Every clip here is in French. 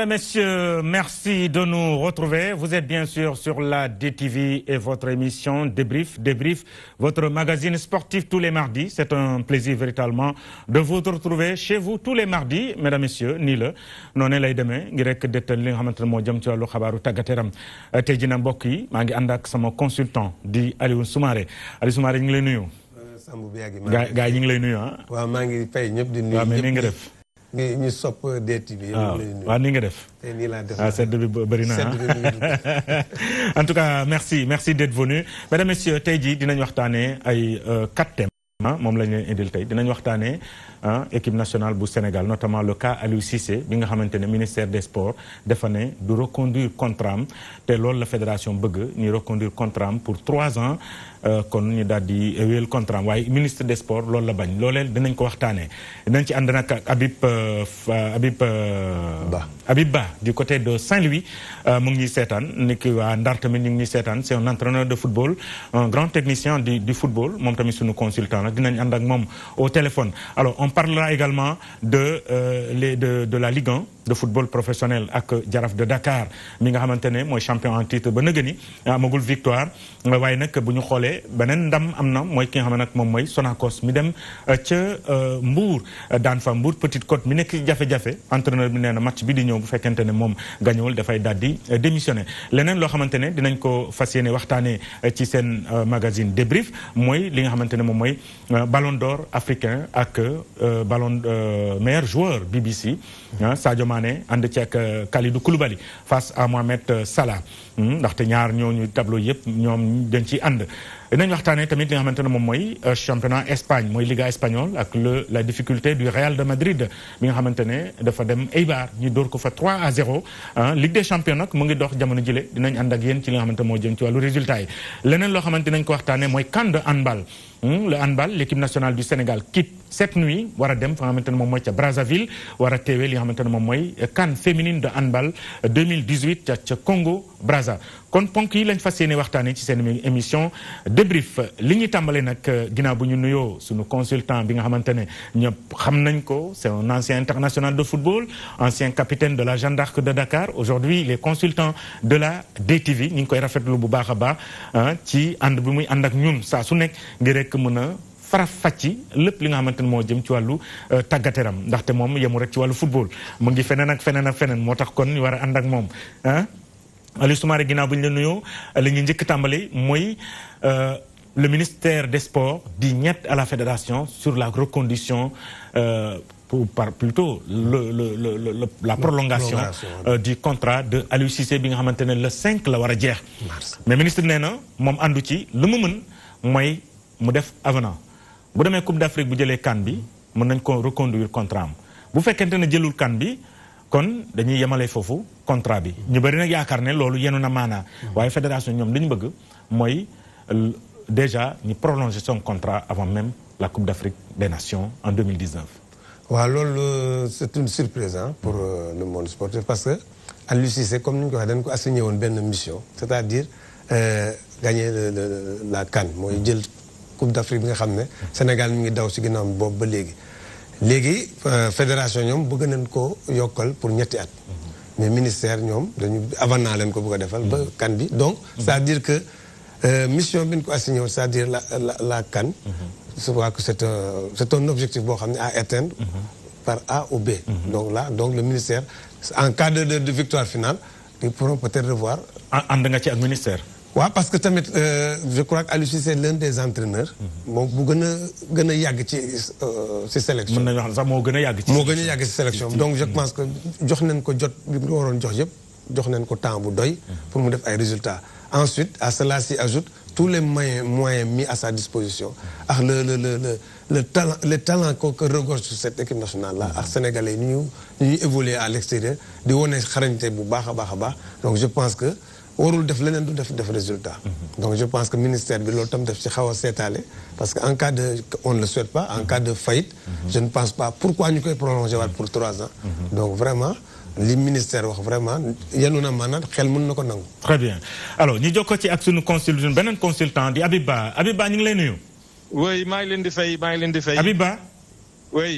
Mesdames, Messieurs, merci de nous retrouver. Vous êtes bien sûr sur la DTV et votre émission Débrief, Débrief, votre magazine sportif tous les mardis. C'est un plaisir véritablement de vous retrouver chez vous tous les mardis, Mesdames, Messieurs, Nile, nous sommes lay demain. ngi rek dettal li nga xamante ne jëm ci wàllu xabaaru tàggateeram tey jii mbokk yi maa ngi ànd sama consultant di Alioune Soumaré Alioune Soumaré ñu ngi lay nuyu. Euh, Sambou Biagui maa ngi lay nuyu gaa yi lay nuyu ngi ñu sopp ah, en tout cas merci merci d'être venu mesdames messieurs tey jii euh, quatre thèmes. Ah, ah, équipe nationale du Sénégal notamment le cas Aliou Cissé ministère des sports dafa ne du reconduire contrat am te la fédération bëgg ñu reconduire contrat pour trois ans. Euh, kon ñu daal di euh, wéyal contrat waaye ministre des sports loolu la bañ looleel dinañ ko waxtaanee dinañ ci ànd nag Habib euh, Habib. Ba du côté de Saint-Louis mu ngi seetaan ni ki waa c'est un entraîneur de football un grand technicien du football moom tamit suñu consultant la dinañ ànd ak moom au téléphone. alors on parlera également de les de de la Ligue 1 de football professionnel ak jaraf de Dakar mi nga xamante champion en titre ba nëgëni amagul victoire waaye nag bu ñu xoolee benen ndam am na mooy ki nga xam ne nag moom mooy Sonacos mi dem euh, ca euh, Mbour euh, daan fa Mbour Petite Côte mi nekk jafe-jafe entraîneur bi nee na match bi di ñëw bu fekkente ne moom gañewul dafay daal di démissionné leneen loo xamante ne dinañ ko fas yéene waxtaanee ci seen magazine débrief mooy li nga xamante ne moom mooy ballon d'or africain ak ballon meilleur joueur BBC hein, Sadio Mané ànd ci ak Kalidou Koulibaly face à Mohamed Salah hmm, ndaxte ñaar ñooñu tableau yépp ñoom dañ ci ànd dinañ waxtaanee tamit li nga xamante ne moom euh, championnat Espagne moy Liga espagnole ak le la difficulté du Real de Madrid mi nga xamantene dafa dem Eibar ñi dóor ko fa 3 à 0 hein. Ligue des champions nak mu ngi dox jamono jilé dinañ and ak yeen ci li nga xamantene mo jëm ci walu résultat yi leneen lo xamantene nañ ko waxtaanee moy Cannes de handball Hein, le handball l'équipe nationale du Sénégal quitte cette nuit wara dem fa nga xamante ne Brazzaville wara a teewee li nga xamante CAN féminine de handball 2018 ca Congo Brazza. kon ponk yi lañ fassiyene waxtane ci sen émission débrief li ñuy tàmbalee nak ginnaaw bu ñu nuyo suñu consultant bi nga xamante ñep ñëpp xam nañ ko c'est un ancien international de football ancien capitaine de la gendarmerie de Dakar aujourd'hui il est consultant de la DTV ñu ngi koy rafetlu bu baaxa a hein, ci and bi muy ànd ak ñun saa su nek ngir rek rek mën a faraf fàcci lépp li nga xamante ne moo jëm ci wàllu euh, tàggateram ndaxte moom yemu rek ci wàllu football mu ngi feneen ak feneen ak feneen moo tax kon ñu war a ànd ak moom ah Aliou Soumaré ginnaaw bu ñu la nuyoo euh, li ñu njëkk tàmbali mooy euh, le ministère des sports dit niet à la fédération sur la reconduction pour par plutôt le le le la prolongation du contrat de Aliou Cissé bi nga xamante ne le 5 la war a jeex mais ministre nee na moom àndu ci lu mu mën mooy mu def avenant bu demee Coupe d'Afrique bu jëlee kan bi mën nañ ko reconduire contrat am bu fekkente ne jëlul kan bi kon dañuy yemale foofu contrat bi ñu bëri nag yaakaar ne loolu yenu na mana. waaye fédération ñoom li ñu bëgg mooy déjà ñu prolonger son contrat avant même la Coupe d'Afrique des Nations en 2019 waaw loolu euh, c'est une surprise hein, pour euh, le monde sportif parce que Aliou c'est comme ni ñu ko waxee dañ ko assigné woon benn mission c'est-à-dire euh, gagner la CAN mooy jël coupe d'Afrique bi nga xam Sénégal mi ngi daw ci ginnam bob ba légui légui euh, fédération ñom bëgg nañ ko yokal pour ñetti at mais ministère ñom dañu avant naa leen ko bëgg a defal ba kan bi donc c'est-à-dire que euh, mission bi ko assigné c'est-à-dire la la la CAN je crois que c'est un c'est un objectif bo xam à atteindre par A ou B donc là donc le ministère en cas de de victoire finale ils pourront peut-être revoir ànd nga ci ak ministère waaw ouais, parce que tamit euh, je crois que Aliou c'est l'un des entraîneurs. Mhm. moom bu gën a gën a yàgg ci si euh, sélection. mën nañu wax sax moo gën a yàgg ci. sélection donc je pense que jox nañ ko jot bi mu waroon jox yëpp jox nañ ko temps bu doy. Mhm. pour mu def ay résultats ensuite à cela s'y ajoute tous les moyens moyens mis à sa disposition. ak le le le le le talent le talent que que regorge sur cette équipe nationale là mhm. ak sénégalais ñu ñu évoluer à l'extérieur di wane xarañte bu baax a baax donc je pense que warul def leneen du def résultat. Mhm. donc je pense que ministère de l'Automne tam def ci xaw parce qu'en cas de on ne le souhaite pas en cas de faillite. Mhm. je ne pense pas pourquoi nous koy prolonger pour trois ans. Mhm. donc vraiment. li ministère wax vraiment yenu na maanaam xel quel monde nous nangu. très bien alors ñu jokkoo ci ak sunu consultant beneen consultant di Abiba Abiba ñu ngi lay oui maa ngi leen di fay maa ngi Abiba. oui.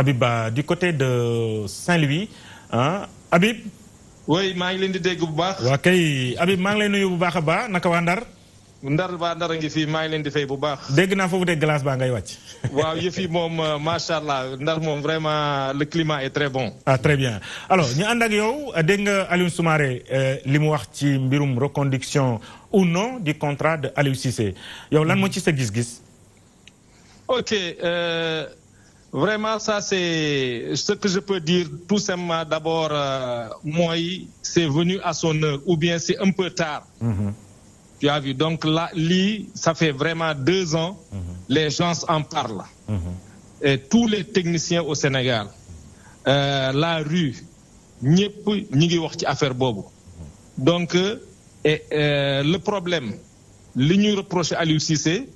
Abiba du côté de Saint-Louis hein? oui maa ngi leen di dégg bu baax. waa kay abi maa ngi lay nuyu bu baax a baax naka waa Ndar. ndar baa ndara ngi fii maa ngi leen di fay bu baax. dégg naa foofu de glace baa ngay wàcc. waaw yëf yi moom euh, macha allah ndar moom vraiment le climat est très bon. ah très bien alors ñu ànd ak yow dégg nga Aliou Soumaré euh, li mu wax ci mbirum reconduction ou non du contrat de Aliou Cissé yow lan moo ci sa gis-gis. ok. Euh... Vraiment, ça c'est ce que je peux dire tout simplement d'abord, euh, c'est venu à son heure, ou bien c'est un peu tard. Mhm. Tu as vu, donc là, lui, ça fait vraiment deux ans, mhm. les gens en parlent. Mhm. Et tous les techniciens au Sénégal, euh, la rue, n'y ñi n'y wax ci donc euh, et, euh, le problème li à à aussi, c'est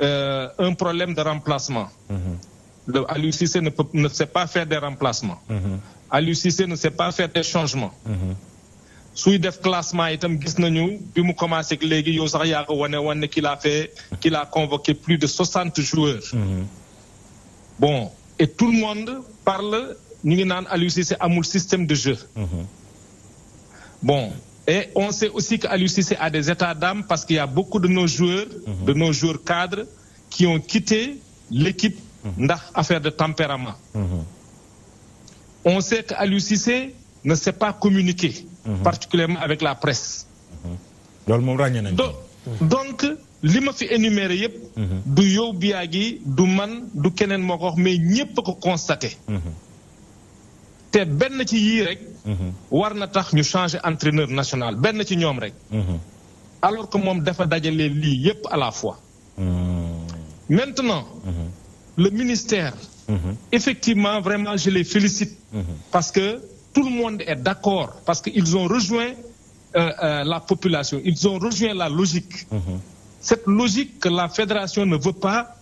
euh, un problème de remplacement. Mhm. L'UCC ne, ne, sait pas faire des remplacements. Mhm. L'UCC ne sait pas faire des changements. Mhm. Si def classement itam gis nañu bi mu commencé ak léegi sax yaa ko wane a fait qu'il a convoqué plus de 60 joueurs. bon et tout le monde parle ni ngi nan Aliou système de jeu. bon et on sait aussi qu'Aliou Cissé a des états d'âme parce qu'il y a beaucoup de nos joueurs, mhm. de nos joueurs cadres, qui ont quitté l'équipe mhm. d'affaires affaire de tempérament. Mhm. On sait que Cissé ne sait pas communiquer, particulièrement avec la presse. Donc, donc ma énuméré du ne du man du mais ci rek. Mhm. entraîneur national mhm. alors que mom dafa à la fois. Mhm. maintenant. le ministère. effectivement vraiment je les félicite. parce que tout le monde est d'accord parce qu'ils ont rejoint euh, euh, la population ils ont rejoint la logique. cette logique que la fédération ne veut pas.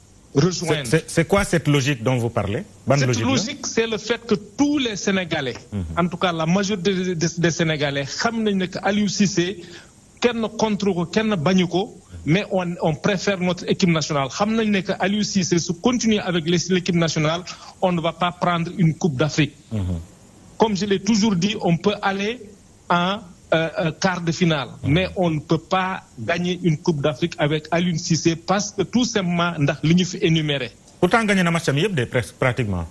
C'est quoi cette logique dont vous parlez Cette logique, c'est le fait que tous les Sénégalais, mhm. en tout cas la majorité des, Sénégalais, savent que Aliou Cissé, kenn contre ko mais on, préfère notre équipe nationale xam nek si on continue continuer avec l'équipe nationale on ne va pas prendre une coupe d'Afrique mhm. comme je l'ai toujours dit on peut aller en euh, euh, quart de finale. Mais on ne peut pas gagner une Coupe d'Afrique avec Alun Cissé parce que tout simplement, ndax li fi énuméré. Pourtant gagner na match des pratiquement.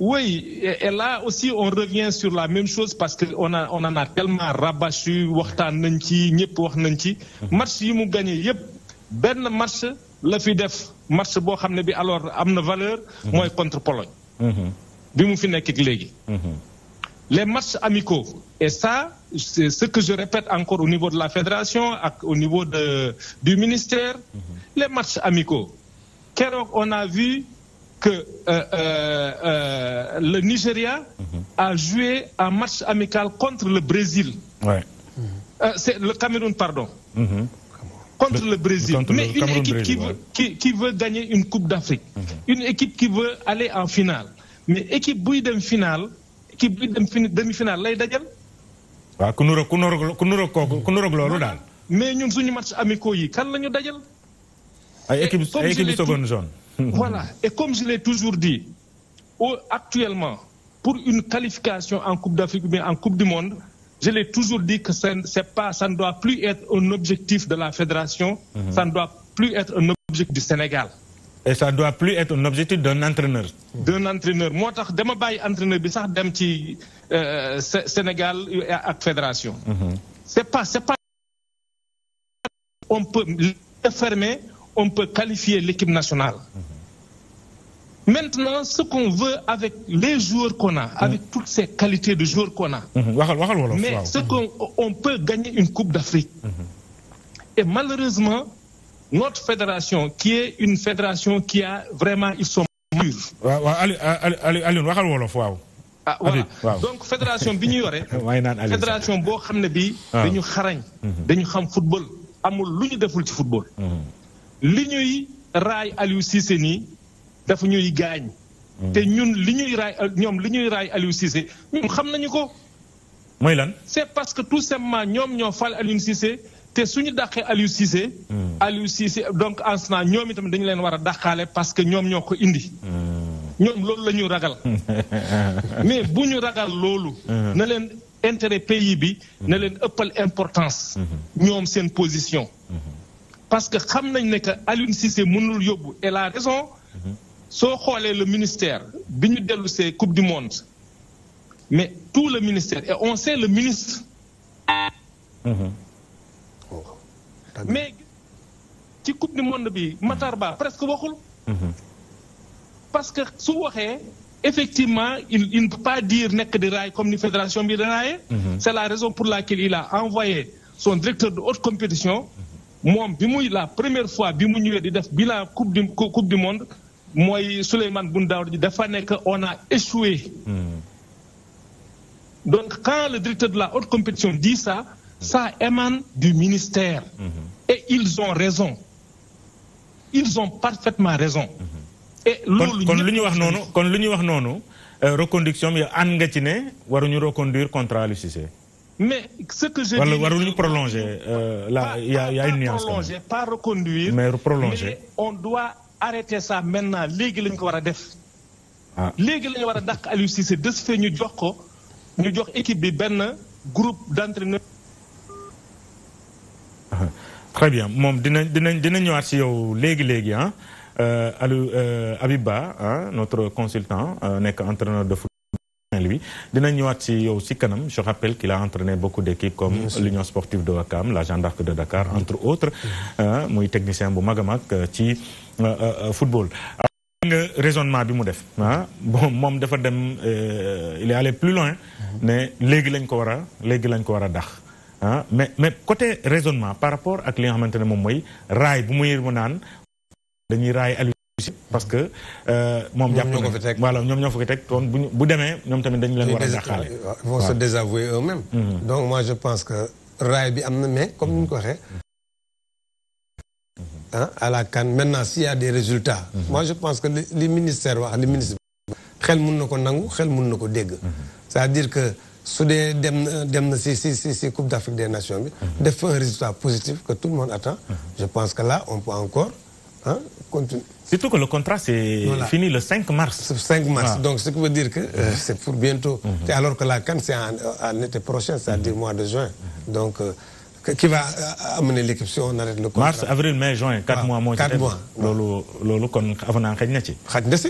Oui, et, là aussi on revient sur la même chose parce que on a on en a tellement rabattu a nañ ci ñëpp wax nañ ci. Mhm. match yi mu gagné yëpp ben match la fi def match bo xamné bi alors amna valeur. Mhm. moi, contre Pologne. Mhm. bi mu fi les matchs amicaux. Et ça, c'est ce que je répète encore au niveau de la fédération, au niveau de, du ministère, mhm. les matchs amicaux. Car on a vu que euh, euh, euh, le Nigeria mhm. a joué un match amical contre le Brésil. c'est le Cameroun, pardon. Mhm. Contre le, Brésil. Mais une équipe qui, veut, gagner une Coupe d'Afrique. Une équipe qui veut aller en finale. Mais équipe bruit d'une finale, équipe bouillie d'une demi-finale, là, la voilà et comme je l'ai toujours dit actuellement pour une qualification en Coupe d'Afrique ou en Coupe du Monde je l'ai toujours dit que ça ne doit plus être un objectif de la fédération. Mhm. ça ne doit plus être un objectif du Sénégal et ça doit plus être un objectif d'un entraîneur. d'un entraîneur ne dama entraîneur bi sax dem ci euh, Sénégal la fédération. Mhm. c'est pas pas. on peut fermer on peut qualifier l'équipe nationale. Mhm. Maintenant, ce qu'on veut avec les joueurs qu'on a, mhm. avec toutes ces qualités de joueurs qu'on a, mais ce qu'on on peut gagner une Coupe d'Afrique. Et malheureusement, notre fédération, qui est une fédération qui a vraiment, ils sont mûrs. Allez, allez, allez, ah voilà donc fédération bi ñu yore. fédération bo xamné bi, ah. dañu xarañ. Mhm. dañu xam football amul luñu deful ci football. Mhm. li ñuy raay Aliou Cissé ni, dafa ñuy gaañ. Mhm. te ñun li ñuy raay ñoom li ñuy raay Aliou Cissé ñom xam nañu ko. mooy lan. c'est parce que tout simplement ñom ñoo fal Aliou Cissé. C'est suñu dàqee Aliou Cissé. Hmm. Aliou Cissé donc en ce moment ñoom itam dañu leen wara a parce que ñom ñoko indi. Hmm. ñom loolu la ñu ragal. mais buñu ragal loolu. Hmm. na leen intérêt pays bi. na leen ëppal importance. ñom seen position. parce que xam nañ ne que Aliou Cissé mënul yobu et la raison. soo xoolee le ministère bi ñu dellu see coupe du monde mais tout le ministère et on sait le ministre mais la coupe du monde bi presque beaucoup. Mhm. parce que su waxee effectivement il ne peut pas dire que de raay comme ni fédération bi danaaye mhm. c'est la raison pour laquelle il a envoyé son directeur de haute compétition. Mhm. Moi, bi la première fois bi mu ñëwee di def bilan coupe du coupe du monde moi Souleymane Boundaour on a échoué. donc quand le directeur de la haute compétition dit ça. Ça émane du ministère. Mhm. Et ils ont raison. Ils ont parfaitement raison. Mhm. Et nous, nous... lu ñu wax noonu kon euh, lu reconduction nga reconduire contre Aliou Mais ce que je dis. Waruñu prolonger. Euh, là, il y, y, a une nuance. Prolonger, pas reconduire. Mais prolonger. on doit arrêter ça maintenant. Légui lañ ko wara def. Ah. Légui lañ wara dak Aliou de ce fait ñu jox ko ñu jox équipe bi groupe d'entraîneurs très bien mom dinañ dinañ dinañ ñëwaat si yow léegi léegi hein. euh, Aliou euh, Ba hein, notre consultant euh, nekk entraîneur de football Saint-Louis dinañ ñëwaat si yow kanam je rappelle qu'il a entraîné beaucoup d'équipes comme l'Union sportive de Wakam, la Gendarmerie de Dakar entre autres hein, Moi, technicien bu Magamak, qui euh, euh, euh, football. nga raisonnement bi mu def hein. bon dafa il est allé plus loin. ne mm-hmm. léegi lañ ko war a lañ ko hein mais mais côté raisonnement par rapport ak li nga xamante ne moom mooy bu muy mo nan dañuy raay Aliou parce que euh mom japp ko fi teg voilà ñom ñofu ko fi teg kon bu bu ñom tamit dañ leen wara a vont se désavouer eux-mêmes mhm. donc moi je pense que raay bi amna mais comme ni ñu ko waxé mhm. hein à la CAN maintenant s'il y a des résultats mhm. moi je pense que les ministères, wax les ministres xel mën nako nangu xel mën nako dégg c'est-à-dire que su dee dem na dem na si Coupe d'Afrique des Nations bi. Mhm. def un résultat positif que tout le monde attend. Mhm. je pense que là on peut encore ah continuer. surtout que le contrat c'est fini le 5 mars. 5 mars ah. donc ce qui veut dire que euh, mhm. c'est pour bientôt. alors que la CAN c'est en, été prochain c'est-à-dire mm mois de juin. donc euh, qui va euh, amener l'équipe si on arrête le contrat. Mars, avril, mai, juin, 4 ah, mois, mois. 4 mois. Ah. Lolo, lolo, kon, avant d'en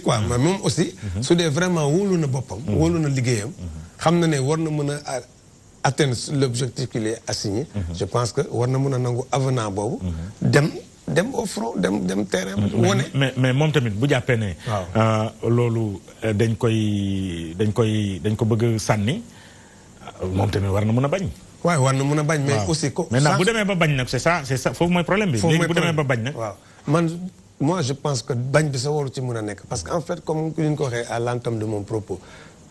quoi. Mais même aussi, si vraiment, wolo ne bopam, wolo ne ligueyam, xam na ne war na mën a atteindre l'objectif qu'il est assigné mhm. je pense que war na mën a nangu avenant boobu mhm. dem dem au front dem dem terrain mhm. wone mais mais moom tamit bu jàppee ne euh, loolu euh, dañ koy dañ koy dañ ko bëgg sànni euh, moom tamit war na mën a bañ waaw war na mën a bañ mais aussi ko maintenant bu demee ba bañ nag c'est ça c'est ça foofu mooy problème bi léegi bu demee ba bañ nag waaw man moi je pense que bañ bi sa waru ci mën a nekk parce que en fait comme ñu ko waxee à l'entame de mon propos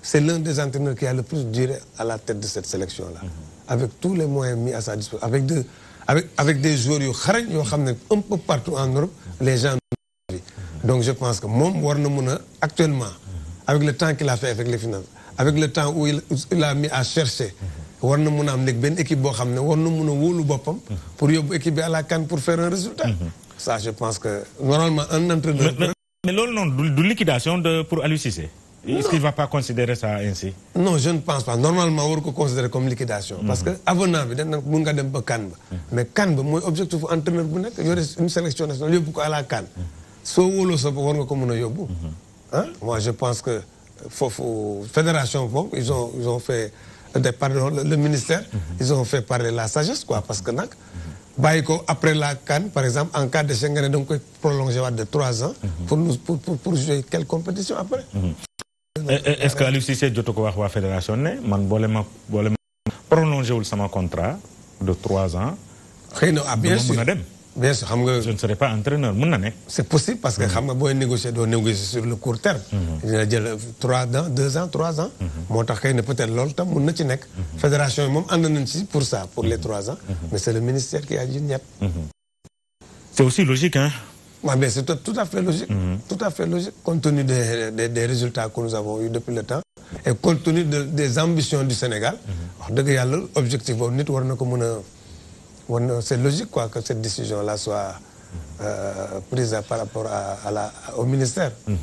c'est l'un des entraîneurs qui a le plus duré à la tête de cette sélection-là. Mhm. Avec tous les moyens mis à sa disposition, avec, des avec, avec des joueurs un peu partout en Europe, les gens ont mhm. Donc je pense que mon Warnamouna, actuellement, mhm. avec le temps qu'il a fait avec les finances, avec le temps où il, a mis à chercher, Warnamouna a une équipe pour équipe à la canne pour faire un résultat. Ça, je pense que normalement, un entraîneur. Mais, mais, mais, non, de liquidation de, pour Alucissé est-ce qu'il ne va pas considérer ça ainsi Non, je ne pense pas. Normalement, on le considérer comme liquidation. Parce que, avant, on a un canne. Mais Cannes, mon objectif entraîneur, il y a une sélection nationale, il y a à la Cannes. Si on le sait, on comme on Moi, je pense que la fédération, ils ont, ils ont fait des le, ministère, mhm. ils ont fait parler la sagesse, quoi. Parce que, mhm. après la Cannes, par exemple, en cas de Schengen, donc prolongé de trois ans mhm. pour, nous, pour, pour, jouer quelle compétition après eh, eh, est-ce que Aliou Cissé jotu ko wax fédération né man boole ma boole prolonger prolongé wul sama contrat de trois ans. xëy ah, bien sûr a bien sûr xam nga je ne serai pas entraîneur mën na c'est possible parce que mm-hmm. xam nga boy négocier do négocier sur le court terme. Mm-hmm. dina jël trois ans deux ans trois ans. Mm-hmm. moo tax peut-être loolu tam mën na ci nek fédération mom and nañ ci pour ça pour les trois ans. mais c'est le ministère qui a dit ñet c'est aussi logique hein c'est tout, à fait logique. Mhm. Tout à fait compte tenu des, résultats que nous avons eus depuis le temps et compte tenu des ambitions du Sénégal. Mhm. l'objectif, c'est logique quoi, que cette décision-là soit euh, prise par rapport au ministère. Mhm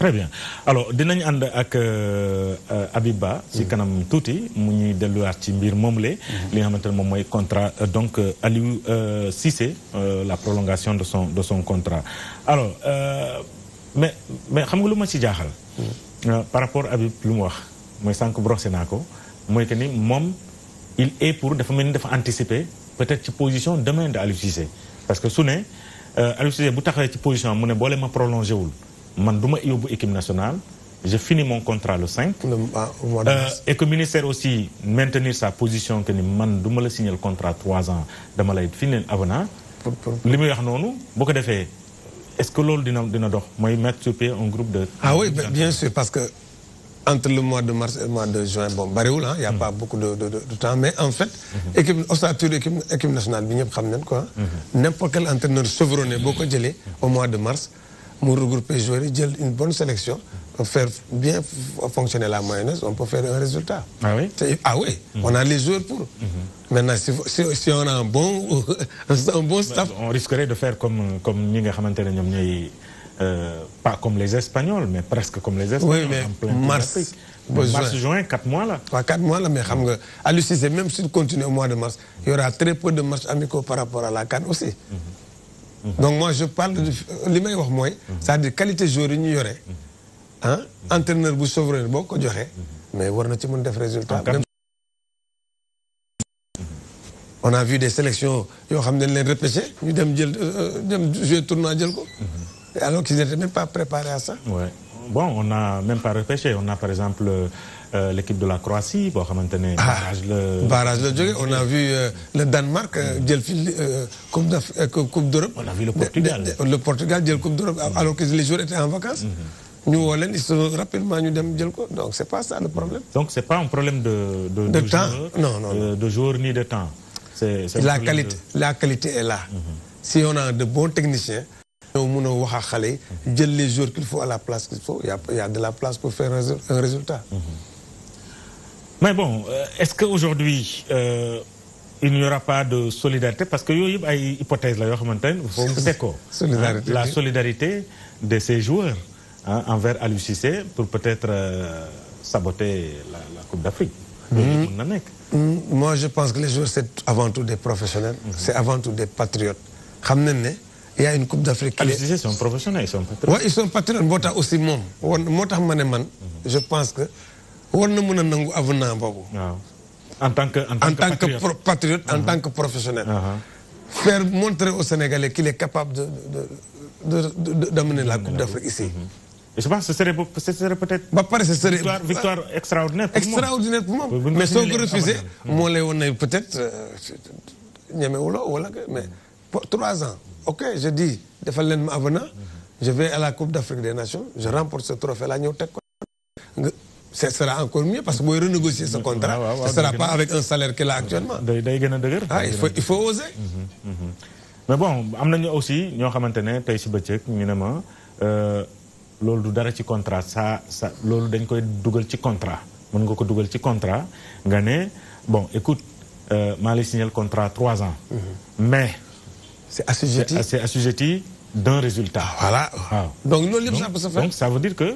très bien alors dinañ and ak euh, euh, Abiba ci kanam touti mu ñuy delluwaat ci mbir Momlé, le mhm. li nga xamante ne contrat euh, donc Aliou Cissé la prolongation de son de son contrat alors mais mais xam nga luma ci jaxal mhm. par rapport Habib lu mu wax moy sank brossé naa ko que ni mom il est pour dafa mel ni dafa anticiper peut-être ci position demain de Aliou Cissé parce que suné ne Aliou Cissé bu taxé ci position mu bo boole ma prolongé wul man fini équipe nationale je finis mon contrat le 5. Euh, et que ministère aussi maintenir sa position que ni man duma signer le contrat 3 ans dama lay finir avenant. limi wax nonou est-ce que l'on dina dina dox moy mettre sur pied un groupe de. ah oui bien sûr parce que entre le mois de mars et le mois de juin bon n'y hein, il a mm-hmm. pas beaucoup de temps mais en fait. au statut de l'équipe nationale mm-hmm. n'importe quel entraîneur chevronné boo au mois de mars. Nous regrouper joueurs une bonne sélection faire bien fonctionner la mayonnaise on peut faire un résultat. ah oui ah oui. Mhm. on a les joueurs pour. Mhm. maintenant si on a un bon un bon staff. on risquerait de faire comme comme ñi euh, pas comme les Espagnols mais presque comme les Espagnols. oui mais mars mars juin quatre mois là. Pas quatre mois là mais xam nga même si même s'il continue au mois de mars il y aura très peu de matchs amicaux par rapport à la CAN aussi. Mhm. Mhm. donc moi je parle de euh, li wax mhm. c'est-à-dire qualité joueur ñu mhm. aurait, ah, hein, entraîneur bu souverain beaucoup ko mais war ci def ah, on a vu des sélections ils ont les dañ leen repêché ñu dem jël euh, euh, tournoi jël ko. alors qu'ils n'étaient même pas préparés à ça. ouais bon on n'a même pas repêché on a par exemple. Euh, l'équipe de la Croatie pour maintenir le ah, barrage le barrage on a vu euh, le Danemark euh, coupe d'Europe. on a vu le Portugal le Portugal coupe d'Europe mm-hmm. alors que les joueurs étaient en vacances. New mm-hmm. Orleans ils sont rapidement ñu dem donc ce n'est pas ça le problème. donc ce n'est pas un problème de. de, temps non de jour ni de temps. la qualité la qualité est là. Mm-hmm. si on a de bons techniciens. on a wax a les joueurs qu'il faut à la place qu'il faut y a y a de la place pour faire un résultat. Mais bon, euh, est-ce qu'aujourd'hui, euh, il n'y aura pas de solidarité Parce que y a une hypothèse, la solidarité de ces joueurs hein, envers Alucissé pour peut-être euh, saboter la, Coupe d'Afrique. Mm-hmm. Mm-hmm. Moi, je pense que les joueurs, c'est avant tout des professionnels, mm-hmm. c'est avant tout des patriotes. Il y a une Coupe d'Afrique. Ils sont professionnels, ils sont patriotes. Oui, ils sont patriotes. Aussi, je pense que on ne peut pas nangu avenant avenir en tant que en tant que patriote en uh-huh. tant que professionnel. Uh-huh. faire montrer aux Sénégalais qu'il est capable de de d'amener la Coupe d'Afrique ici. Uh-huh. je pense que ce serait ce serait peut-être. une victoire victoire extraordinaire. extraordinaire pour moi. mais si vous refusé. moo peut-être euh, Mais wala mais trois ans. ok je dis je vais à la Coupe d'Afrique des Nations je remporte ce trophée là ce sera encore mieux parce que vous renégocier ce contrat. ce sera pas avec un salaire qu'il a actuellement. Ah, il faut oser. Mhm, mhm. mais bon aussi euh, du contrat ça ça contrat contrat bon écoute euh, le signé contrat trois ans. Mhm. mais. c'est assujetti c'est assujetti d'un résultat. Ah, voilà ah. donc ça veut dire que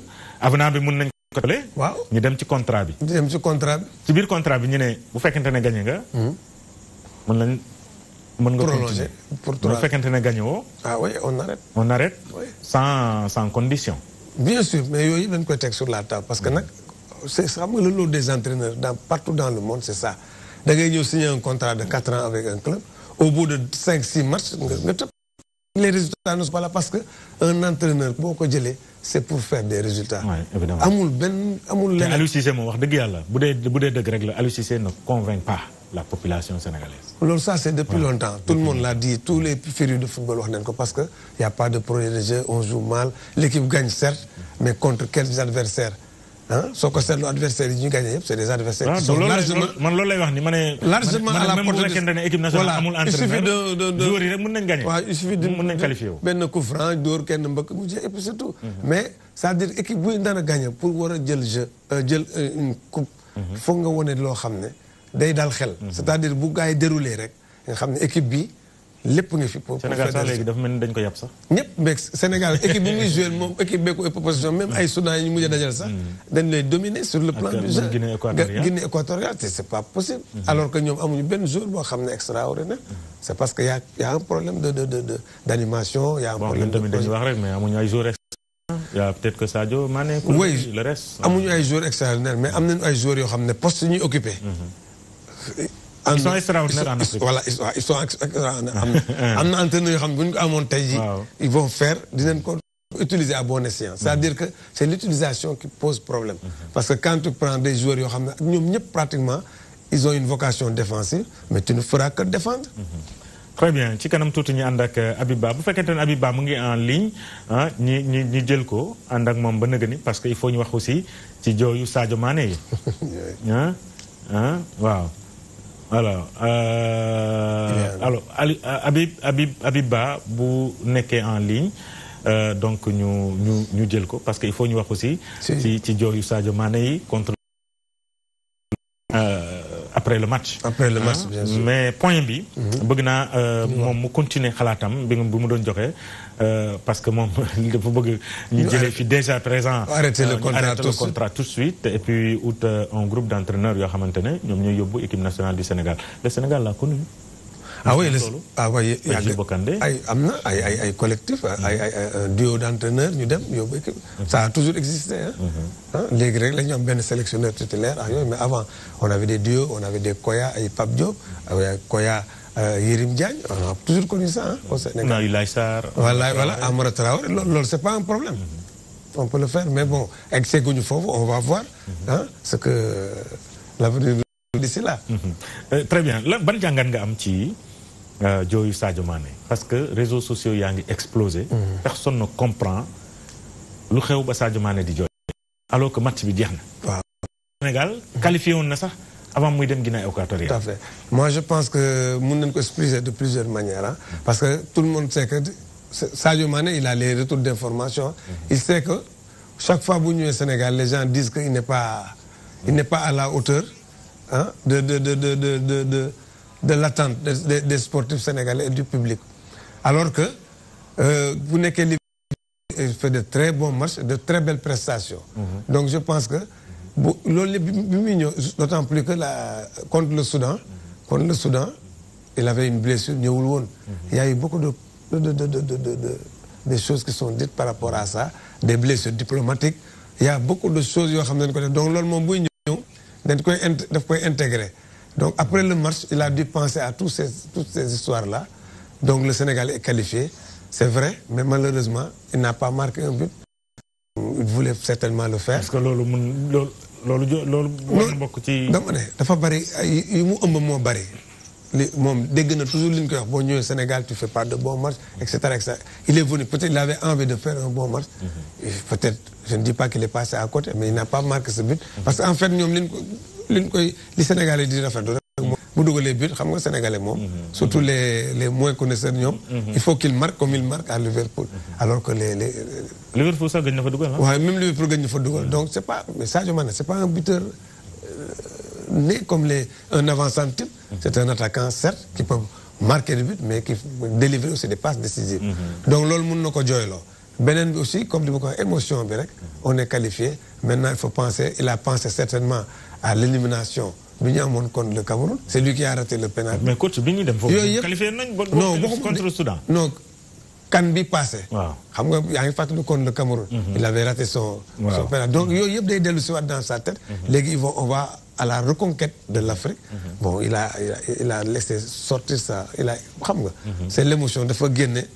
waaw ñu dem ci contrat bi. dem ci contrat bi. ci biir contrat bi ñu ne bu fekkente ne gagné nga. Hmm. mën lañ mën nga. prolonger pour bu fekkente ne gagné woo. ah oui on arrête. on arrête sans sans condition. bien sûr mais yooyu dañ koy teg sur la table parce que nag c'est xam nga le lot des entraîneurs dans partout dans le monde c'est ça da ngay ñëw signer un contrat de 4 ans avec un club au bout de 5-6 matchs nga nga les résultats ne sont pas là parce que un entraîneur boo ko jëlee c'est pour faire des résultats. Oui, évidemment. Amoul ne convainc pas la population sénégalaise. Alors, ça c'est depuis longtemps tout le monde l'a dit tous les férus de football parce qu'il n'y a pas de projet de jeu on joue mal L'équipe gagne certes mais contre quels adversaires. ah soo ko seetloo adversaires yi ñu gagné yëpp c' est des adversaires. Ah, qui sont largement man loolu lay wax ni ma ne. largement à la portée de même bu fekkente ne amul entraîneur. de de rek mën nañu gagné. benn coup franc dóor kenn mbëkk mu jeex et puis surtout. Mhm. mais c' est à dire équipe bu ñu daan pour war a jël jeu euh, jël euh, une coupe. Mhm. foog nga wane loo xam ne day dal xel. Mhm. c' est à dire bu gaa yi déroulé rek nga xam ne équipe bi. lépp nga fi pour Sénégal sax léegi dafa mel ni dañ ko sax. ñëpp Sénégal équipe bi muy joué moom équipe beaucoup ko opposition même ay Soudan yi ñu mujj dajal sax. Mm. dañ lay dominer sur le plan du jeu. Guinée équatoriale c'est c' est pas possible. Mm-hmm. alors que ñoom amuñu benn jour boo xam ne extraordinaire. Mm-hmm. c' est parce que y' a y' a un problème de de de de d' animation. y' a un problème de bon wax rek mais amuñu ay joueurs. y' a peut être que Sadio Mané. oui le reste amuñu ay joueurs extraordinaires mais am nañu ay joueurs yoo xam ne poste ñuy occupé. Mm-hmm ils sont extraordinaires en voilà ils sont extraordinaires am am ko ils vont faire dinañ ko utiliser à bon escient. c'est-à-dire que c'est l'utilisation qui pose problème. parce que quand tu prends des joueurs yo xam pratiquement ils ont une vocation défensive mais tu ne feras que défendre. très bien ci kanam tout ñu and ak euh, Abiba bu fekkente Abiba mu ngi en ligne ah ñi ñi ñi jël ko and ak mom ba ni parce que il faut ñu wax aussi ci Joyou Sadio Mané hein waaw. Euh, alors alors Habib Habib en ligne euh, donc nous nous nous parce qu'il faut nous voir aussi. si ci contre. Euh, après le match. après le match bien sûr mais point B, je mhm. euh, continuer à bi mu euh, parce que je suis déjà présent. Arrêtez le euh, contrat le contrat tout de suite et puis euh, un groupe d'entraîneurs yo été ñom ñoy yobbu équipe nationale du Sénégal le Sénégal l'a connu ah oui ah oui ay des collectifs, ay ay collectif un duo d'entraîneurs, ñu dem mhm. ça a toujours existé Les grecs, ils ont bien am sélectionneurs, titulaire mais avant on avait des duos on avait des Koya et Pape Diop Koya euh, Yérim Diagne on a toujours connu ça ah au Sénégal voilà voilà Amara Traoré c'est pas un problème mhm. on peut le faire mais bon avec ces foofu on va voir mhm. hein, ce que l'avenir d'ici là euh, très bien ban jàngat nga euh, Sadio parce que les réseaux sociaux ont explosé mm. personne ne comprend ce xew Sadio Mané alors que match bi bien. Sénégal qualifié woon na avant de Guinée équatoriale. moi je pense que nous peut expliquer de plusieurs manières hein. mm. parce que tout le monde sait que Sadio Mane il a les retours d'information mm. il sait que chaque fois bu au Sénégal les gens disent qu'il n'est pas pas à la hauteur hein, de de de de de de l'attente des, sportifs sénégalais et du public. Alors que euh, vous n'êtes que fait de très bons matchs, de très belles prestations. Mhm. Donc je pense que d'autant plus que la, contre le Soudan, contre le Soudan, il avait une blessure, mhm. Il y a eu beaucoup de, choses qui sont dites par rapport à ça, des blessures diplomatiques. Il y a beaucoup de choses. Donc, l'homme, il faut intégrer. Donc après le match, il a dû penser à toutes ces, histoires-là. Donc le Sénégal est qualifié, c'est vrai, mais malheureusement, il n'a pas marqué un but. Il voulait certainement le faire. Parce que loolu mun loolu loolu jo loolu. loolu bokk ci. dama ne dafa bari yu mu ëmb bari toujours dit que le wax Sénégal tu fais pas de bon match etc. il est venu peut-être il avait envie de faire un bon match. Mhm. peut-être je ne dis pas qu'il est passé à côté mais il n'a pas marqué ce but. parce qu'en fait nous. li les Sénégalais disent rafetlu rek moom les xam Sénégalais surtout les les moins connaisseurs mhm. il faut qu'il marque comme ils marquent à Liverpool mhm. alors que les les Liverpool ça gagne le football. Oui, même Liverpool gagne le football. donc c'est pas mais c'est pas un buteur euh, né comme les un avant-centre mhm. c'est un attaquant certes qui peut marquer le but mais qui délivrer aussi des passes décisives donc loolu mën na ko jooyloo Benen aussi comme tu émotion on est qualifié maintenant il faut penser il a pensé certainement à l'élimination a ñu contre le Cameroun c'est lui qui a raté le pénal. mais coach il faut dem foofu. qualifié non, contre Soudan. non kan bi passé. il xam a pas ngi contre le Cameroun. Mhm. il avait raté son son pénal donc il y a des si dans sa tête. Mhm. Les vont on va à la reconquête de l'Afrique. Mhm. bon il a il a laissé sortir ça il a c'est l'émotion faire gagner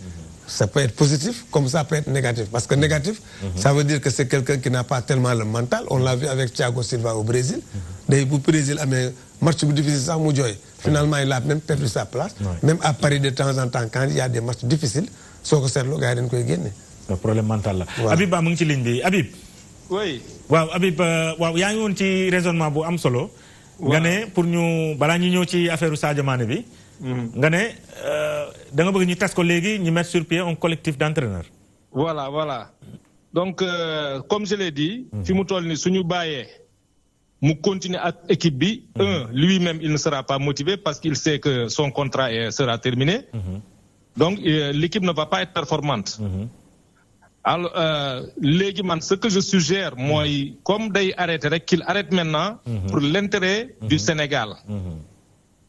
ça peut être positif, comme ça peut être négatif. Parce que mhm. négatif, mhm. ça veut dire que c'est quelqu'un qui n'a pas tellement le mental. On l'a vu avec Thiago Silva au Brésil. D'ailleurs, mm le Brésil a un match difficile sans Moudjoy. Finalement, il a même perdu sa place. Même à Paris, de temps en temps, quand il y a des matchs difficiles, ça que c'est le gars qui est Le problème mental. Là. Voilà. Habib, a Habib. Oui. Wow, Habib, wow, il y a un petit raisonnement pour Amsolo. Pour nous, pour nous, pour nous, affaire nous, pour nous, nga ne euh, da nga bëgg mettre sur pied un collectif d'entraîneurs. voilà voilà donc euh, comme je l'ai dit. si mm-hmm. mu toll suñu bàyyee mu continuer mm-hmm. lui-même il ne sera pas motivé parce qu'il sait que son contrat sera terminé. Mm-hmm. donc euh, l'équipe ne va pas être performante. alors ce que je suggère moi, comme day qu'il arrête maintenant. pour l'intérêt du Sénégal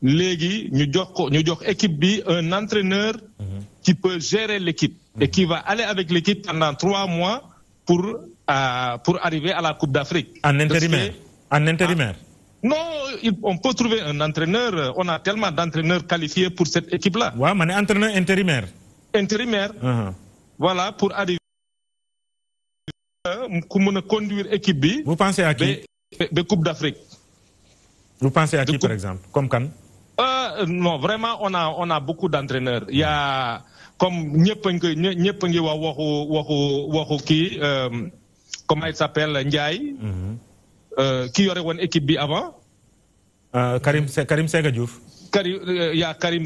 légui ñu jox ko ñu équipe un entraîneur mhm. qui peut gérer l'équipe et qui va aller avec l'équipe pendant trois mois pour euh, pour arriver à la Coupe d'Afrique. En intérimaire intérimaire. Ah. non on peut trouver un entraîneur on a tellement d'entraîneurs qualifiés pour cette équipe là. ouais mais entraîneur intérimaire. intérimaire. Uh-huh. voilà pour arriver à conduire équipe vous pensez à qui de Coupe d'Afrique. Vous pensez à qui, par exemple Comme quand Euh, non, vraiment, on a, on a beaucoup d'entraîneurs. Il comme ñëpp a ñëpp a ngi wax waxu waxu waxu comme euh, comment il s'appelle Ndiaye. Mhm. Euh, ki yore woon équipe bi avant. Euh, Karim Karim Sega Diouf. Karim yaa Karim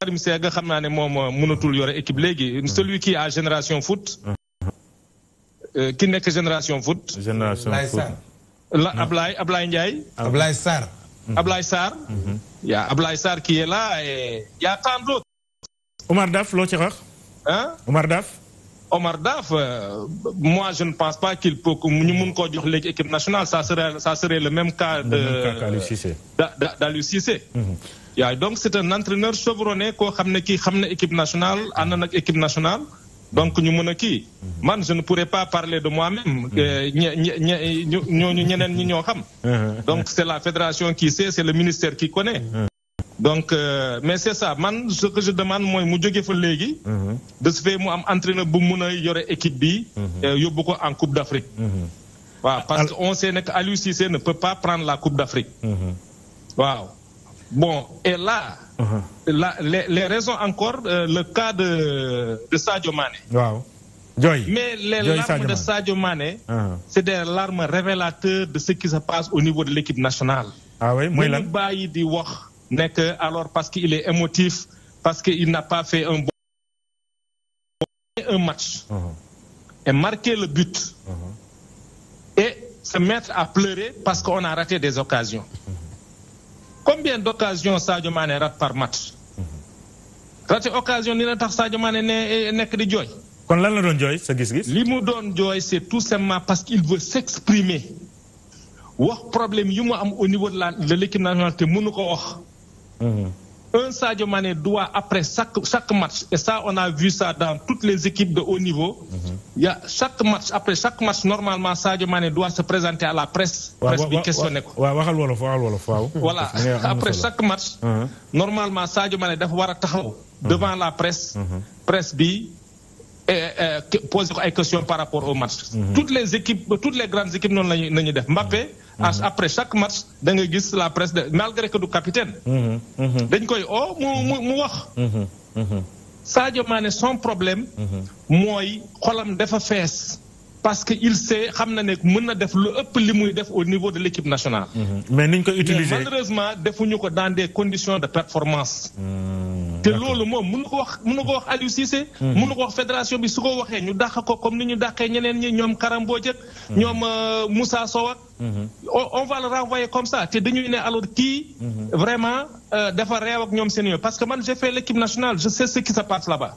Karim xam naa ne moom mënatul yore équipe léegi. Mhm. celui qui a génération foot. Mhm. ki nekk génération foot. génération foot la Ablaye Ablaye Ndiaye. Ablaye Ablaye Il y a qui est là et il y a tant d'autres. Omar Daf l'autre ci hein? Omar Daf. Omar Daf euh, moi je ne pense pas qu'il peut conduire mun l'équipe nationale ça serait ça serait le même cas. de l'UCC. Mm-hmm. donc c'est un entraîneur chevronné qui a une équipe nationale équipe nationale donc ñu mëna ki mm-hmm. man je ne pourrais pas parler de moi-même mm-hmm. euh, ñeneen ñi ñoo xam mm-hmm. donc c'est la fédération qui sait c'est le ministère qui connaît donc euh, mais c'est ça man ce que je demande mooy mu jóge fa léegi de ce fait mu am entraîneur bu mën a équipe bi euh, yóbbu en Coupe d'Afrique waaw parce que on sait que Aliou ne peut pas prendre la Coupe d'Afrique waaw bon et là euh, la, les, raisons encore, euh, le cas de, de Sadio Mane. Mais les larmes de Sadio Mane, ah. c'est des larmes révélateurs de ce qui se passe au niveau de l'équipe nationale. Ah oui, moi n'est que alors parce qu'il est émotif, parce qu'il n'a pas fait un bon un match ah. et marquer le but ah. et se mettre à pleurer parce qu'on a raté des occasions combien d'occasions Sadio Mané rate par match mhm. rate occasion ni la tax Sadio Mané ne eh, nekk di joy kon lan la don joy sa gis-gis li mu don joy c'est tout simplement parce qu'il veut s'exprimer wax problème yu mu am au niveau de l'équipe nationale te munu ko wax mhm un Sadio Mané doit, après chaque, chaque match, et ça, on a vu ça dans toutes les équipes de haut niveau, il y a chaque match, après chaque match, normalement, Sadio Mané doit se présenter à la presse, voilà, après chaque match, uh-huh. normalement, Sadio Mané doit devant la presse, uh-huh. presse poser des questions par rapport au match. Mhm. toutes les équipes toutes les grandes équipes non la ñuy la Mbappé. Mhm. après chaque match da nga la presse malgré que du capitaine. Mhm. dañ koy oo oh, mu mu Moi, wax. Sadio Mané son problème. mooy xolam dafa fees parce qu'il sait xam na ne mën na def lu ëpp li muy def au niveau de l' équipe nationale. Mm-hmm. mais niñ ko utiliser malheureusement defuñu ko dans des conditions de performance. Mm-hmm. te loolu moom mën ko wax mën ko wax Aliou Cissé. Mm-hmm. mën ko wax fédération bi su ko waxee ñu dàq ko comme ni ñu dàqee ñeneen ñi ñoom Karambo Bojek. ñoom euh, Moussa Sow on va le renvoyer comme ça te dañuy ne alors kii. vraiment euh, dafa réew ak ñoom seen parce que man j'ai fait l' équipe nationale je sais ce qui se passe là-bas.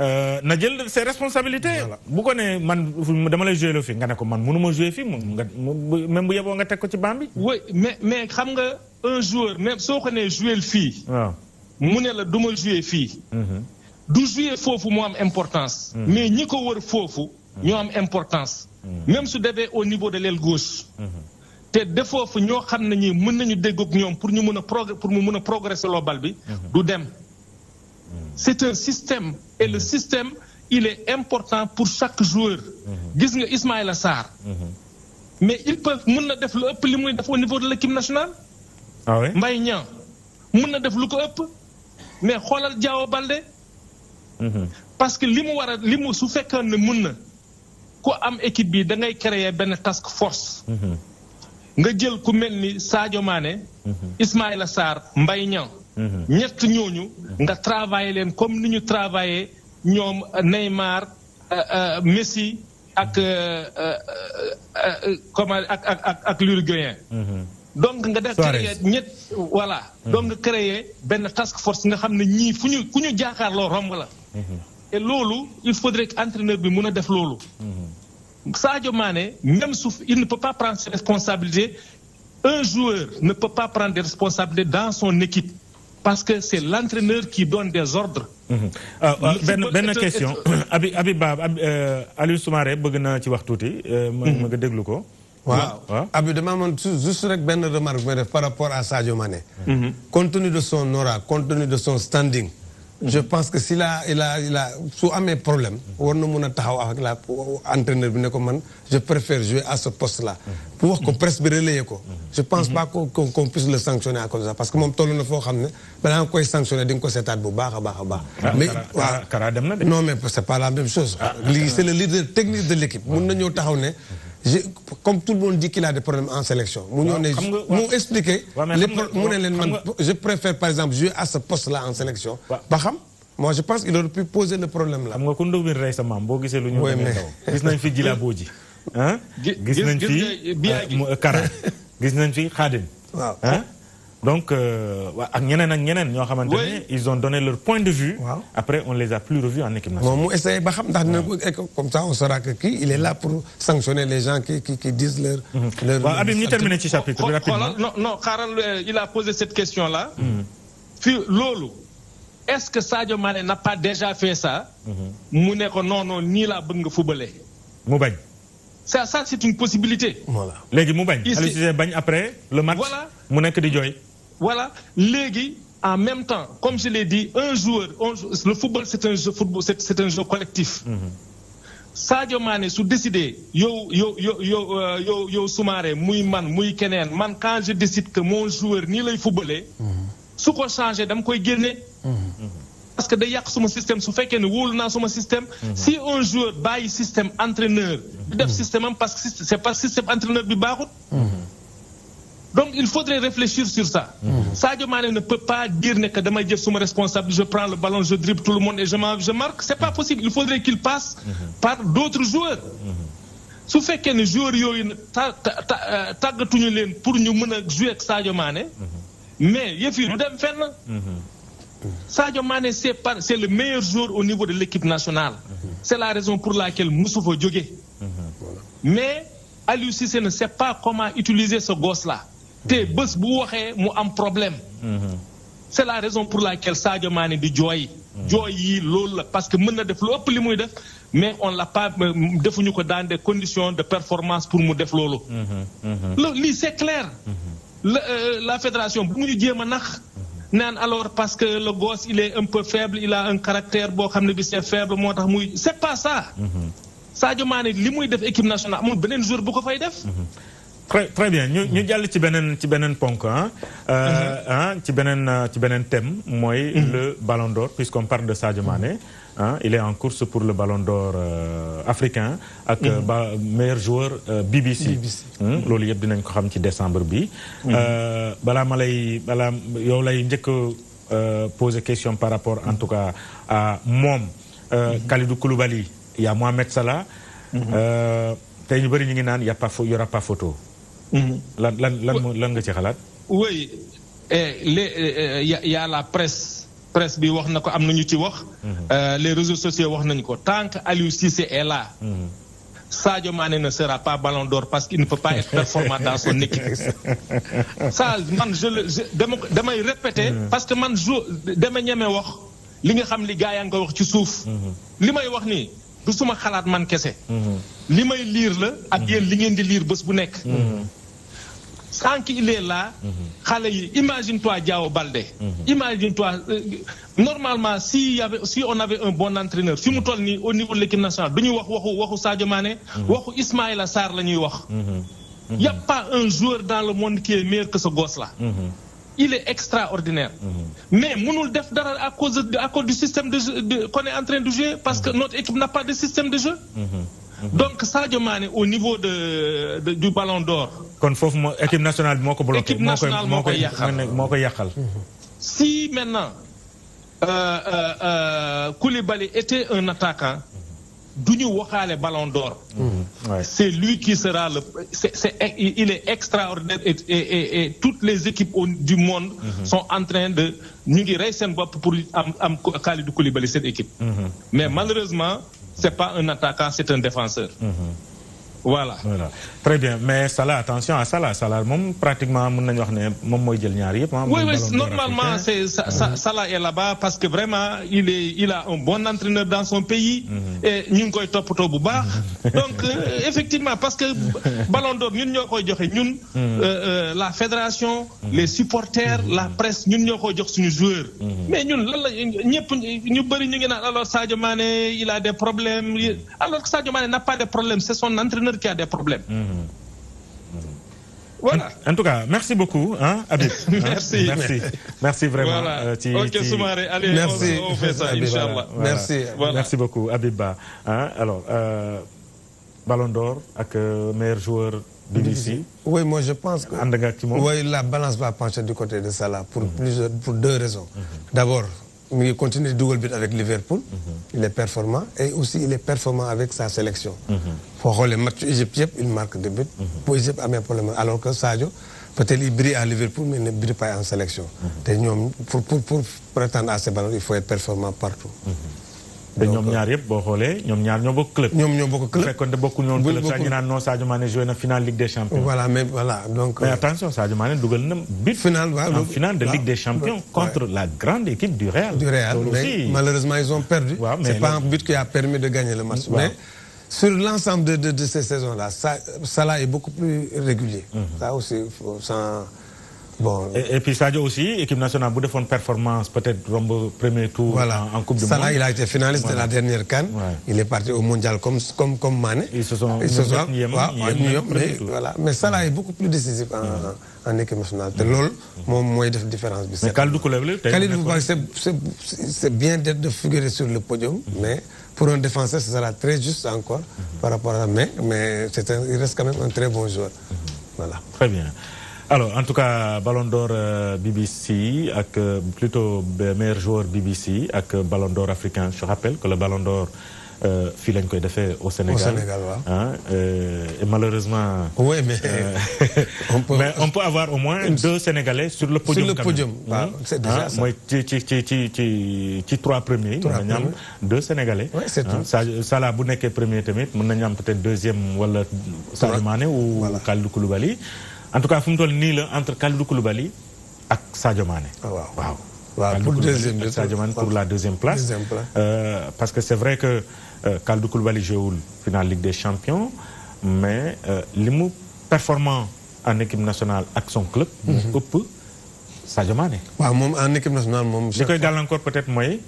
Euh, na jël ses responsabilités. bu ko nee man dama lay jouer le fi nga ne ko man mënu jouer fi même bu yeboo nga teg ko ci banc bi. oui mais mais xam nga un joueur même soo ko nee joué fi waaw ah. mu ne la du jouer fi fii. Mhm. du jouer foofu moo am importance. Mhm. mais ñi ko wër foofu. Mhm. ñu am importance. même su defee au niveau de l'aile gauche. te defoo fa ñoo xam ne ñi mën nañu déggoog ñoom pour ñu mën a pour mu mën a progresser loo bal bi. du dem c'est un système. Et le système, il est important pour chaque joueur. Gis nga Ismaïla Sarr. Mais ils peuvent mën def lu ëpp li au niveau de l'équipe nationale. Ah oui Mbaye Niang mën def lu ko mais xoolal Diao Balde. Mhm. parce que li mu war a li mu su fekkoon ne mën na am équipe bi da ngay créer ben task force. Mhm. nga jël ku melni ni Sadio Mané. Mhm. Ismaïla sar Mbaye Niang. Mhm. ñett ñooñu nga comme ni ñu travailler ñoom Neymar euh, euh, Messi ak euh, comment ak ak ak l'Uruguayen mhm. donc nga def créé une voilà mhm. donc task force nga nous ne ñii fu ñu ku et loolu il faudrait que entraîneur bi mun a def loolu Sadio même il ne peut pas prendre ses responsabilités un joueur ne peut pas prendre des responsabilités dans son équipe parce que c'est l'entraîneur qui donne des ordres. Mhm. Euh, euh, Benne question abi abi Ba euh, Soumaré bëgg naa ci wax ma je mhm. déglu ko. waaw abi dama juste une remarque par rapport à Sadio Mané. Mhm. compte tenu de son aura compte tenu de son standing je pense que s'il a il a il a sous amee problèmes, on ne mun a taxaw ak la entraîneur bi ne ko man je préfère jouer à ce poste là. pour qu'on presse bi relayer ko. je pense pas qu'on qu'on puisse le sanctionner à de ça parce que mon toll na foo xam ne balaa nga koy sanctionner di nga ko seetaat bu baax a baax ah, mais non mais c'est pas la même chose. Ah, ah, c'est le leader technique de l'équipe mun na taxaw ne comme tout le monde dit qu'il a des problèmes en sélection Vous expliquez. expliquer je préfère par exemple jouer à ce poste là en sélection Baham, moi je pense qu'il aurait pu poser le problème là donc euh, ak ñeneen ils ont donné leur point de vue. après on les a plus revus en équipe nationale. comme ça on saura que qui. il est là pour sanctionner les gens qui qui disent leur. Mm-hmm. leur waaw Habib ce chapitre rapidement. non non euh, il a posé cette question là. Puis, mm-hmm. Lolo, est ce que Sadio Mané n'a pas déjà fait ça. Mm-hmm. mu ne non non ni la bëgg nga Moubaï, mu bañ. ça ça c'est une possibilité. voilà léegi mu bañ. après le match. voilà mu voilà Légui, en même temps comme je l'ai dit un joueur le football c'est un jeu football c'est un jeu collectif. Mm -hmm. Sadio Mané sous décidé yo, yo, yo, yo, yo, euh, yow yow Soumaré muy man muy kenen, man quand je décide que mon joueur ni lay footballé. Mm -hmm. changer, mhm. ko changé dama koy mhm. parce que day sous suma système su fekkee ne wóolu naa suma système. Mhm. si un joueur bàyyi système entraîneur. def système parce que c'est pas que système entraîneur bi baaxut. Donc il faudrait réfléchir sur ça. Mhm. Sadio Mane ne peut pas dire que demain je suis responsable, je prends le ballon, je dribble tout le monde et je, marque. C'est pas possible. Il faudrait qu'il passe mhm. par d'autres joueurs. Mhm. su fekkee ne joueurs euh, pour ñu jouer avec Sadio Mane mais il yi du dem fenn. Sadio Mane c'est est le meilleur joueur au niveau de l'équipe nationale. C'est la raison pour laquelle musu va jouer. mais Aliou Cissé ne sait pas comment utiliser ce gosse là té bëss bu waxé mu am problème. Mhm. c'est la raison pour laquelle Sadio Mané di joy mhm. joy yi lool parce que mën def lu ëpp li muy def mais on l'a pas euh, defuñu ko dans des conditions de performance pour mu def loolu. Mhm. c'est clair. la euh, la fédération bu mu ñu jéem nax. nan alors parce que le gosse il est un peu faible il a un caractère bo xam bi c'est faible motax muy c'est pas ça. Sadio Mané li muy def équipe nationale amul benen jour bu ko fay def très très bien ñu ñu jàll ci benen ci benen ponk hein. euh mhm. hein ci benen euh, ci benen thème. moy mhm. le Ballon d'Or puisqu'on parle de Sadio Mané. Mhm. Hein. il est en course pour le Ballon d'Or euh, africain. ak euh, meilleur joueur BBC. BBC hmm? loolu yëpp dinañ ko xam ci décembre bi. euh bala malay balaa yow lay njëkk euh poser question par rapport en tout cas à euh Kalidou Koulibaly y a Mohamed Salah. tay ñu bari ñi ngi naan y a pas y aura pas photo. Mm-hmm. lan lan lan nga ci xalaat. way les y a la presse presse bi wax na ko am na ñu ci wax. Mm-hmm. Euh, les réseaux sociaux wax nañ ko tant que Aliou Cissé est là. Mm-hmm. Sadio Mané ne sera pas ballon door parce que ne peut pas être performant dans son équipe. Ça, man, je le, damay répéter, parce que man, je, dama ñeme wax, li nga xam li gaa yaa nga wax ci suuf. Li may wax nii, du suma xalaat man kese. Li may liir la, ak yéen li ngeen di liir bés bu nekk. sans il est là. imagine toi Diao Balde. imagine toi euh, normalement si avait si on avait un bon entraîneur si on toll au niveau de l'équipe nationale du wax waxu Ismaïla Sarr Il y a pas un joueur dans le monde qui est meilleur que ce gosse là. il est extraordinaire. Mais nous Def à cause, à cause du système de qu'on est en train de jouer, parce que notre équipe n'a pas de système de jeu. Mhm. Mhm. Donc, Sadio au niveau du ballon d'or, kon équipe nationale bi moo ko bloqué. équipe nationale si maintenant euh, euh, euh, Koulibaly était un attaquant du ñu waxaale ballon d'or. Mmh. c'est lui qui sera le il est extraordinaire et et et toutes les équipes du monde. Mmh. sont en train de ñu ngi rey seen bopp pour am am Khalidou Koulibaly cette équipe. Mmh. mais malheureusement c'est pas un attaquant c'est un défenseur voilà très bien mais Salah attention à Salah Salah moom pratiquement mën nañu wax ah. oui normalement c'est Salah est là-bas parce que vraiment il est il a un bon entraîneur dans son pays. Mm-hmm. et nous ngi koy toppatoo bu mm-hmm. donc euh, effectivement parce que Ballon d'Or ñun ñoo mm-hmm. euh, euh, la fédération. les supporters la presse ñun ñoo koy jox suñu joueur. mais ñun lan ñu alors Sadio Mané il a des problèmes alors que Sadio Mané n'a pas de problème c'est son entraîneur qui a des problèmes. Mhm. Mhm. Voilà. En, tout cas, merci beaucoup, hein, Abid. merci. merci. Merci vraiment. Euh, ok, allez, merci. On, fait ça, Voilà. Merci. Merci beaucoup, Abiba. Hein, alors, euh, Ballon d'Or, avec euh, meilleur joueur BBC. Oui, moi je pense que oui, la balance va pencher du côté de Salah pour, mhm. plusieurs, pour deux raisons. D'abord, il continue de double but avec Liverpool. Mhm. Il est performant. Et aussi, il est performant avec sa sélection. Pour mm match les il marque des buts. Pour mhm. l'Égypte, Alors que Sadio, peut-être il brille à Liverpool, mais il ne brille pas en sélection. Mhm. Pour, pour, pour, prétendre à ces ballons, il faut être performant partout de ñom ñaar yëpp boo xoolee ñom ñaar ñoo bokk club. ñom ñoo bokk club fekkoon ne bokkul ñoom club sax ñu naan non Sadio Mané joué na finale Ligue des champions. voilà mais voilà donc. mais euh, attention Sadio Mané dugal na but. finale waaw en finale de Ligue des champions. contre la grande équipe du Real. du Real malheureusement ils ont perdu. c'est pas un but qui a permis de gagner le match. mais sur l'ensemble de de ces saisons là ça Salah est beaucoup plus régulier. Mm-hmm. ça aussi sans et, puis Sadio aussi équipe nationale faire une performance peut-être rombo premier tour. En, coupe du Salah, il a été finaliste de la dernière CAN. il est parti au mondial comme comme comme Mané. ils se sont ils se sont mais voilà mais Salah est beaucoup plus décisif en équipe nationale. différence c'est bien d'être de figurer sur le podium. Mhm. mais pour un défenseur ce sera très juste encore. Mhm. par rapport à mais mais un il reste quand même un très bon joueur. Mhm. voilà très bien. Alors, en tout cas, Ballon d'Or euh, BBC, avec, euh, plutôt meilleur joueur BBC, avec euh, Ballon d'Or africain. Je rappelle que le Ballon d'Or, euh, est fait au Sénégal au Sénégal hein, et malheureusement. mais. on peut mais on peut avoir au moins deux Sénégalais sur le podium. sur le podium hein, c'est déjà hein, ça Moi, ci trois premiers. deux Sénégalais. oui c'est tout Salah premier tamit mën peut-être deuxième wala. Salimane ou Kalidou Koulibaly en tout cas il faut entre Kalidou Koulibaly ak Sadio Mané. Ah, waaw pour pour la deuxième place. Euh, parce que c'est vrai que euh, Kalidou Koulibaly la finale Ligue des Champions mais euh, les plus performant en équipe nationale avec son club. mu mhm. Sadio Mané. waaw en équipe nationale mom Je koy encore peut-être moy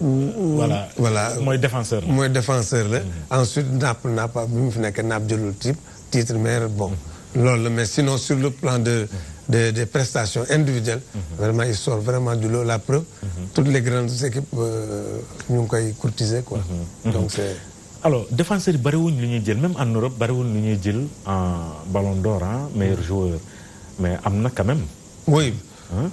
voilà voilà défenseur moy défenseur mhm. ensuite N'ap N'ap, bi mu fi titre mère, bon. Mhm mais sinon sur le plan de des prestations individuelles. Mhm. vraiment il sort vraiment du lot la preuve. Mhm. toutes les grandes équipes euh, nous ont koy courtiser quoi. Mhm. donc alors défenseur de bariwuñ même en Europe Baroun lu ñuy Ballon d'Or hein, meilleur joueur mais Amna quand même. oui. Hein?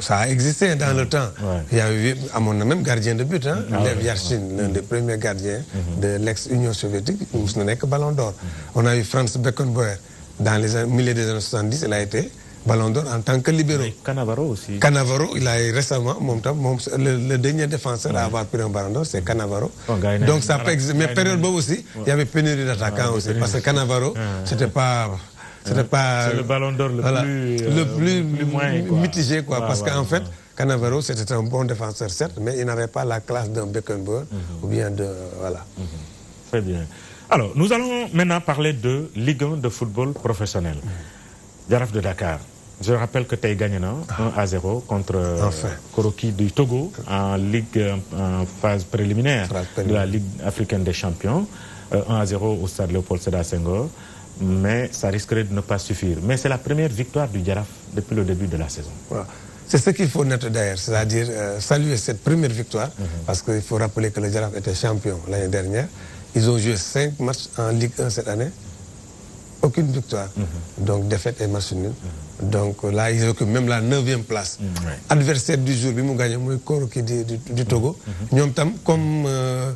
Ça, a existé dans le temps. Il y a eu, à mon même gardien de but, hein? Ah Lev l'un des premiers gardiens de l'ex-Union soviétique, où ce n'est que Ballon d'Or. On a eu Franz Beckenbauer, dans les milieu des années 70, il a été Ballon d'Or en tant que libéraux. Canavaro aussi. Canavaro, il a récemment, le, dernier défenseur à avoir pris un Ballon d'Or, c'est Canavaro. Oh, Donc ça peut exister. Mais période beau aussi, il y avait pénurie d'attaquants aussi. Parce que Canavaro, c'était pas. C'était pas. C'est le Ballon d'Or le, euh, plus, le plus. moins, mitigé, quoi. parce qu'en fait. Canavaro, c'était un bon défenseur, certes, mais il n'avait pas la classe d'un Beckenbauer mm-hmm. ou bien de. Voilà. Mm-hmm. Très bien. Alors, nous allons maintenant parler de Ligue 1 de football professionnel. Giraffe de Dakar. Je rappelle que tu as gagné 1 à 0 contre euh, enfin. du Togo en Ligue phase préliminaire de la Ligue africaine des champions. 1 euh, à 0 au stade Léopold Seda Senghor. Mais ça risquerait de ne pas suffire. Mais c'est la première victoire du Giraffe depuis le début de la saison. C'est ce qu'il faut noter d'ailleurs, c'est-à-dire euh, saluer cette première victoire, mhm. parce qu'il faut rappeler que le Giraffe était champion l'année dernière. Ils ont joué 5 matchs en Ligue 1 cette année. Aucune victoire. Mhm. Donc défaite et match nul. Donc là, ils occupent même la 9e place. Mm, Adversaire du jour, ils ont gagné le corps du, du, Togo. Nous mhm. comme euh,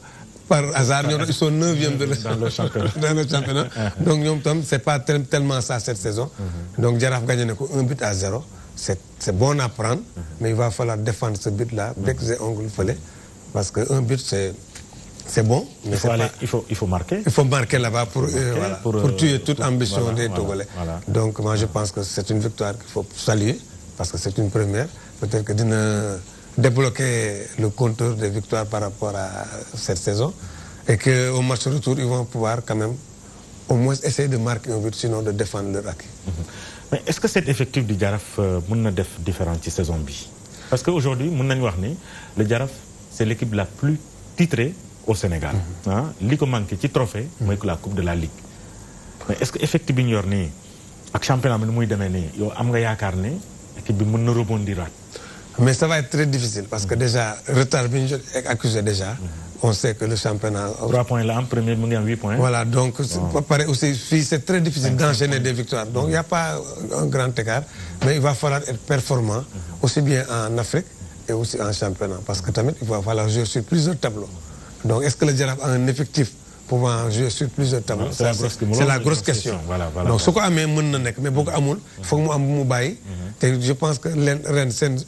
par hasard, ils sont 9e de dans le championnat. dans le championnat. Donc ce n'est pas tellement ça cette saison. Mhm. Donc Djaraf gagne un but à zéro. C'est bon à prendre, mais il va falloir défendre ce but-là, dès que ses ongles il fallait. Parce qu'un but, c'est c'est bon. Mais il, faut il, faut marquer. Il faut marquer là-bas pour, tuer toute ambition des Togolais. Donc moi je pense que c'est une victoire qu'il faut saluer, parce que c'est une première. Peut-être que ne débloquer le compteur des victoires par rapport à cette saison. Et qu'au match retour, ils vont pouvoir quand même au moins essayer de marquer un but, sinon de défendre le acquis. Mhm. Mais est-ce que cet effectif du Djaraf peut faire de euh, saison Parce qu'aujourd'hui, le Djaraf, c'est l'équipe la plus titrée au Sénégal. ah qui qui manqué ci trophée c'est la coupe de la ligue. est-ce que effectivement bi le championnat bi ni muy demee nii am nga ne équipe mais ça va être très difficile parce que mhm. déjà retard bi accusé déjà. Mhm. on sait que le championnat. 3 points là en premier, il y 8 points. Voilà, donc aussi, c'est très difficile d'enchaîner des victoires. Donc il n'y a pas un grand écart, mhm. mais il va falloir être performant, aussi bien en Afrique et aussi en championnat, parce que il va falloir jouer sur plusieurs tableaux. Donc, est-ce que le Djarab a un effectif pouvant jouer sur plusieurs tableaux C'est la, grosse question. Donc, ce qu'on a mais beaucoup faut que Je pense que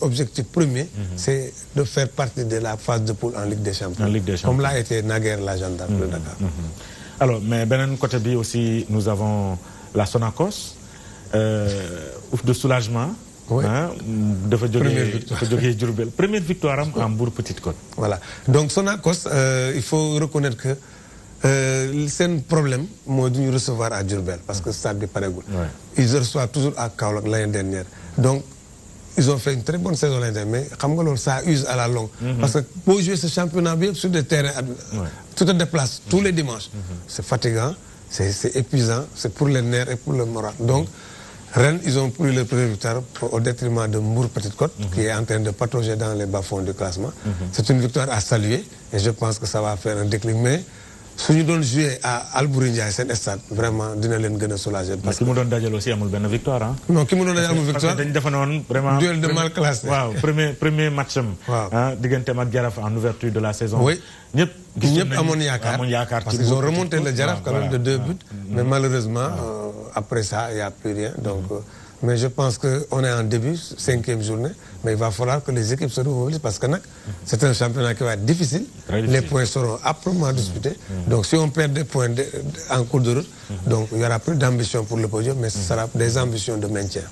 l'objectif premier, mhm. c'est de faire partie de la phase de poule en Ligue des Champions. Comme l'a été naguère la gendarme de mhm. Dakar. Mhm. Alors, mais Benen Kotebi aussi, nous avons la Sonacos, euh, ouf de soulagement. Hein? première victoire en à Petite Côte. voilà donc euh, il faut reconnaître que c'est euh, un problème moi recevoir à Djurbel parce que stade bi pareegul. ils reçoivent toujours à Kaolack l'année dernière donc. ils ont fait une très bonne saison l'année dernière, mais ça use à la longue. Mm-hmm. parce que pour jouer ce championnat bien sur des terrains tout te déplace tous mm-hmm. les dimanches. Mm-hmm. c'est fatigant c'est c'est épuisant c'est pour les nerfs et pour le moral donc. Rennes, ils ont pris le premier victoire au détriment de Mour Petite Côte, mhm. qui est en train de patauger dans les bas-fonds du classement. Mhm. C'est une victoire à saluer et je pense que ça va faire un déclin. Mais si nous donnons jouer à Albourinja, c'est cet stade, vraiment, nous allons gagner soulager. Parce que nous donne d'ailleurs aussi une victoire. Hein? Non, qui nous donne d'ailleurs une victoire vraiment. Duel de mal classé. Wow, premier, premier match. Madjaraf hein? en ouverture de la saison. Oui. Yep. Yep, Amon Yakar. Parce qu'ils ont remonté le Djaraf quand même de deux buts. Mm-hmm. Mais malheureusement après ça, il n'y a plus rien. Donc, euh, mais je pense qu'on est en début, cinquième journée, mais il va falloir que les équipes se remobilisent parce que c'est un championnat qui va être difficile. Les points seront à disputés. Mm Donc si on perd des points en cours de route, mm-hmm. donc il n'y aura plus d'ambition pour le podium, mais ce sera des ambitions de maintien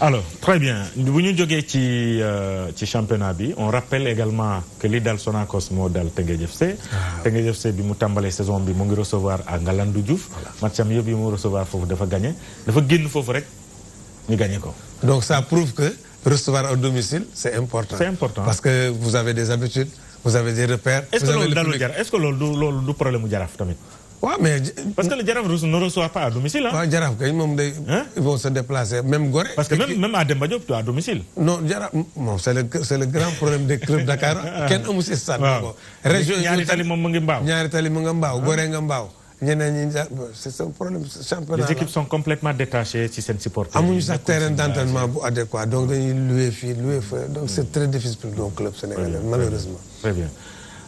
alors très bien venons de joué ci euh, ci championnat on rappelle également que l'Idal Sonakos Sonacos dal Teungueth FC. Ah. FC bi mu la saison bi mu recevoir à Galandou Diouf. matcham yëpp yi mu recevoir foofu dafa gagner. dafa génn foofu rek gagner donc ça prouve que recevoir au domicile c'est important. c'est important parce que vous avez des habitudes vous avez des repères. est-ce que loolu du problème Ouais, mais... Parce que le Djaraf ne reçoit pas à domicile. Hein? Ouais, Djaraf, hein? ils vont se déplacer. Même Gorée. Parce que même, qui... même à Dembadjop, tu es à domicile. Non, Djaraf, bon, c'est le, le, grand problème des clubs Dakar. Quel homme c'est ça Région. Nyari Mangambao. Nyari Mangambao, Gorée C'est un problème championnat. Les équipes sont complètement détachées si c'est un supporter. pas sa terrain d'entraînement adéquat. Donc, ils louent, louent. Donc, c'est hmm. très difficile pour nos clubs sénégalais, malheureusement. Très bien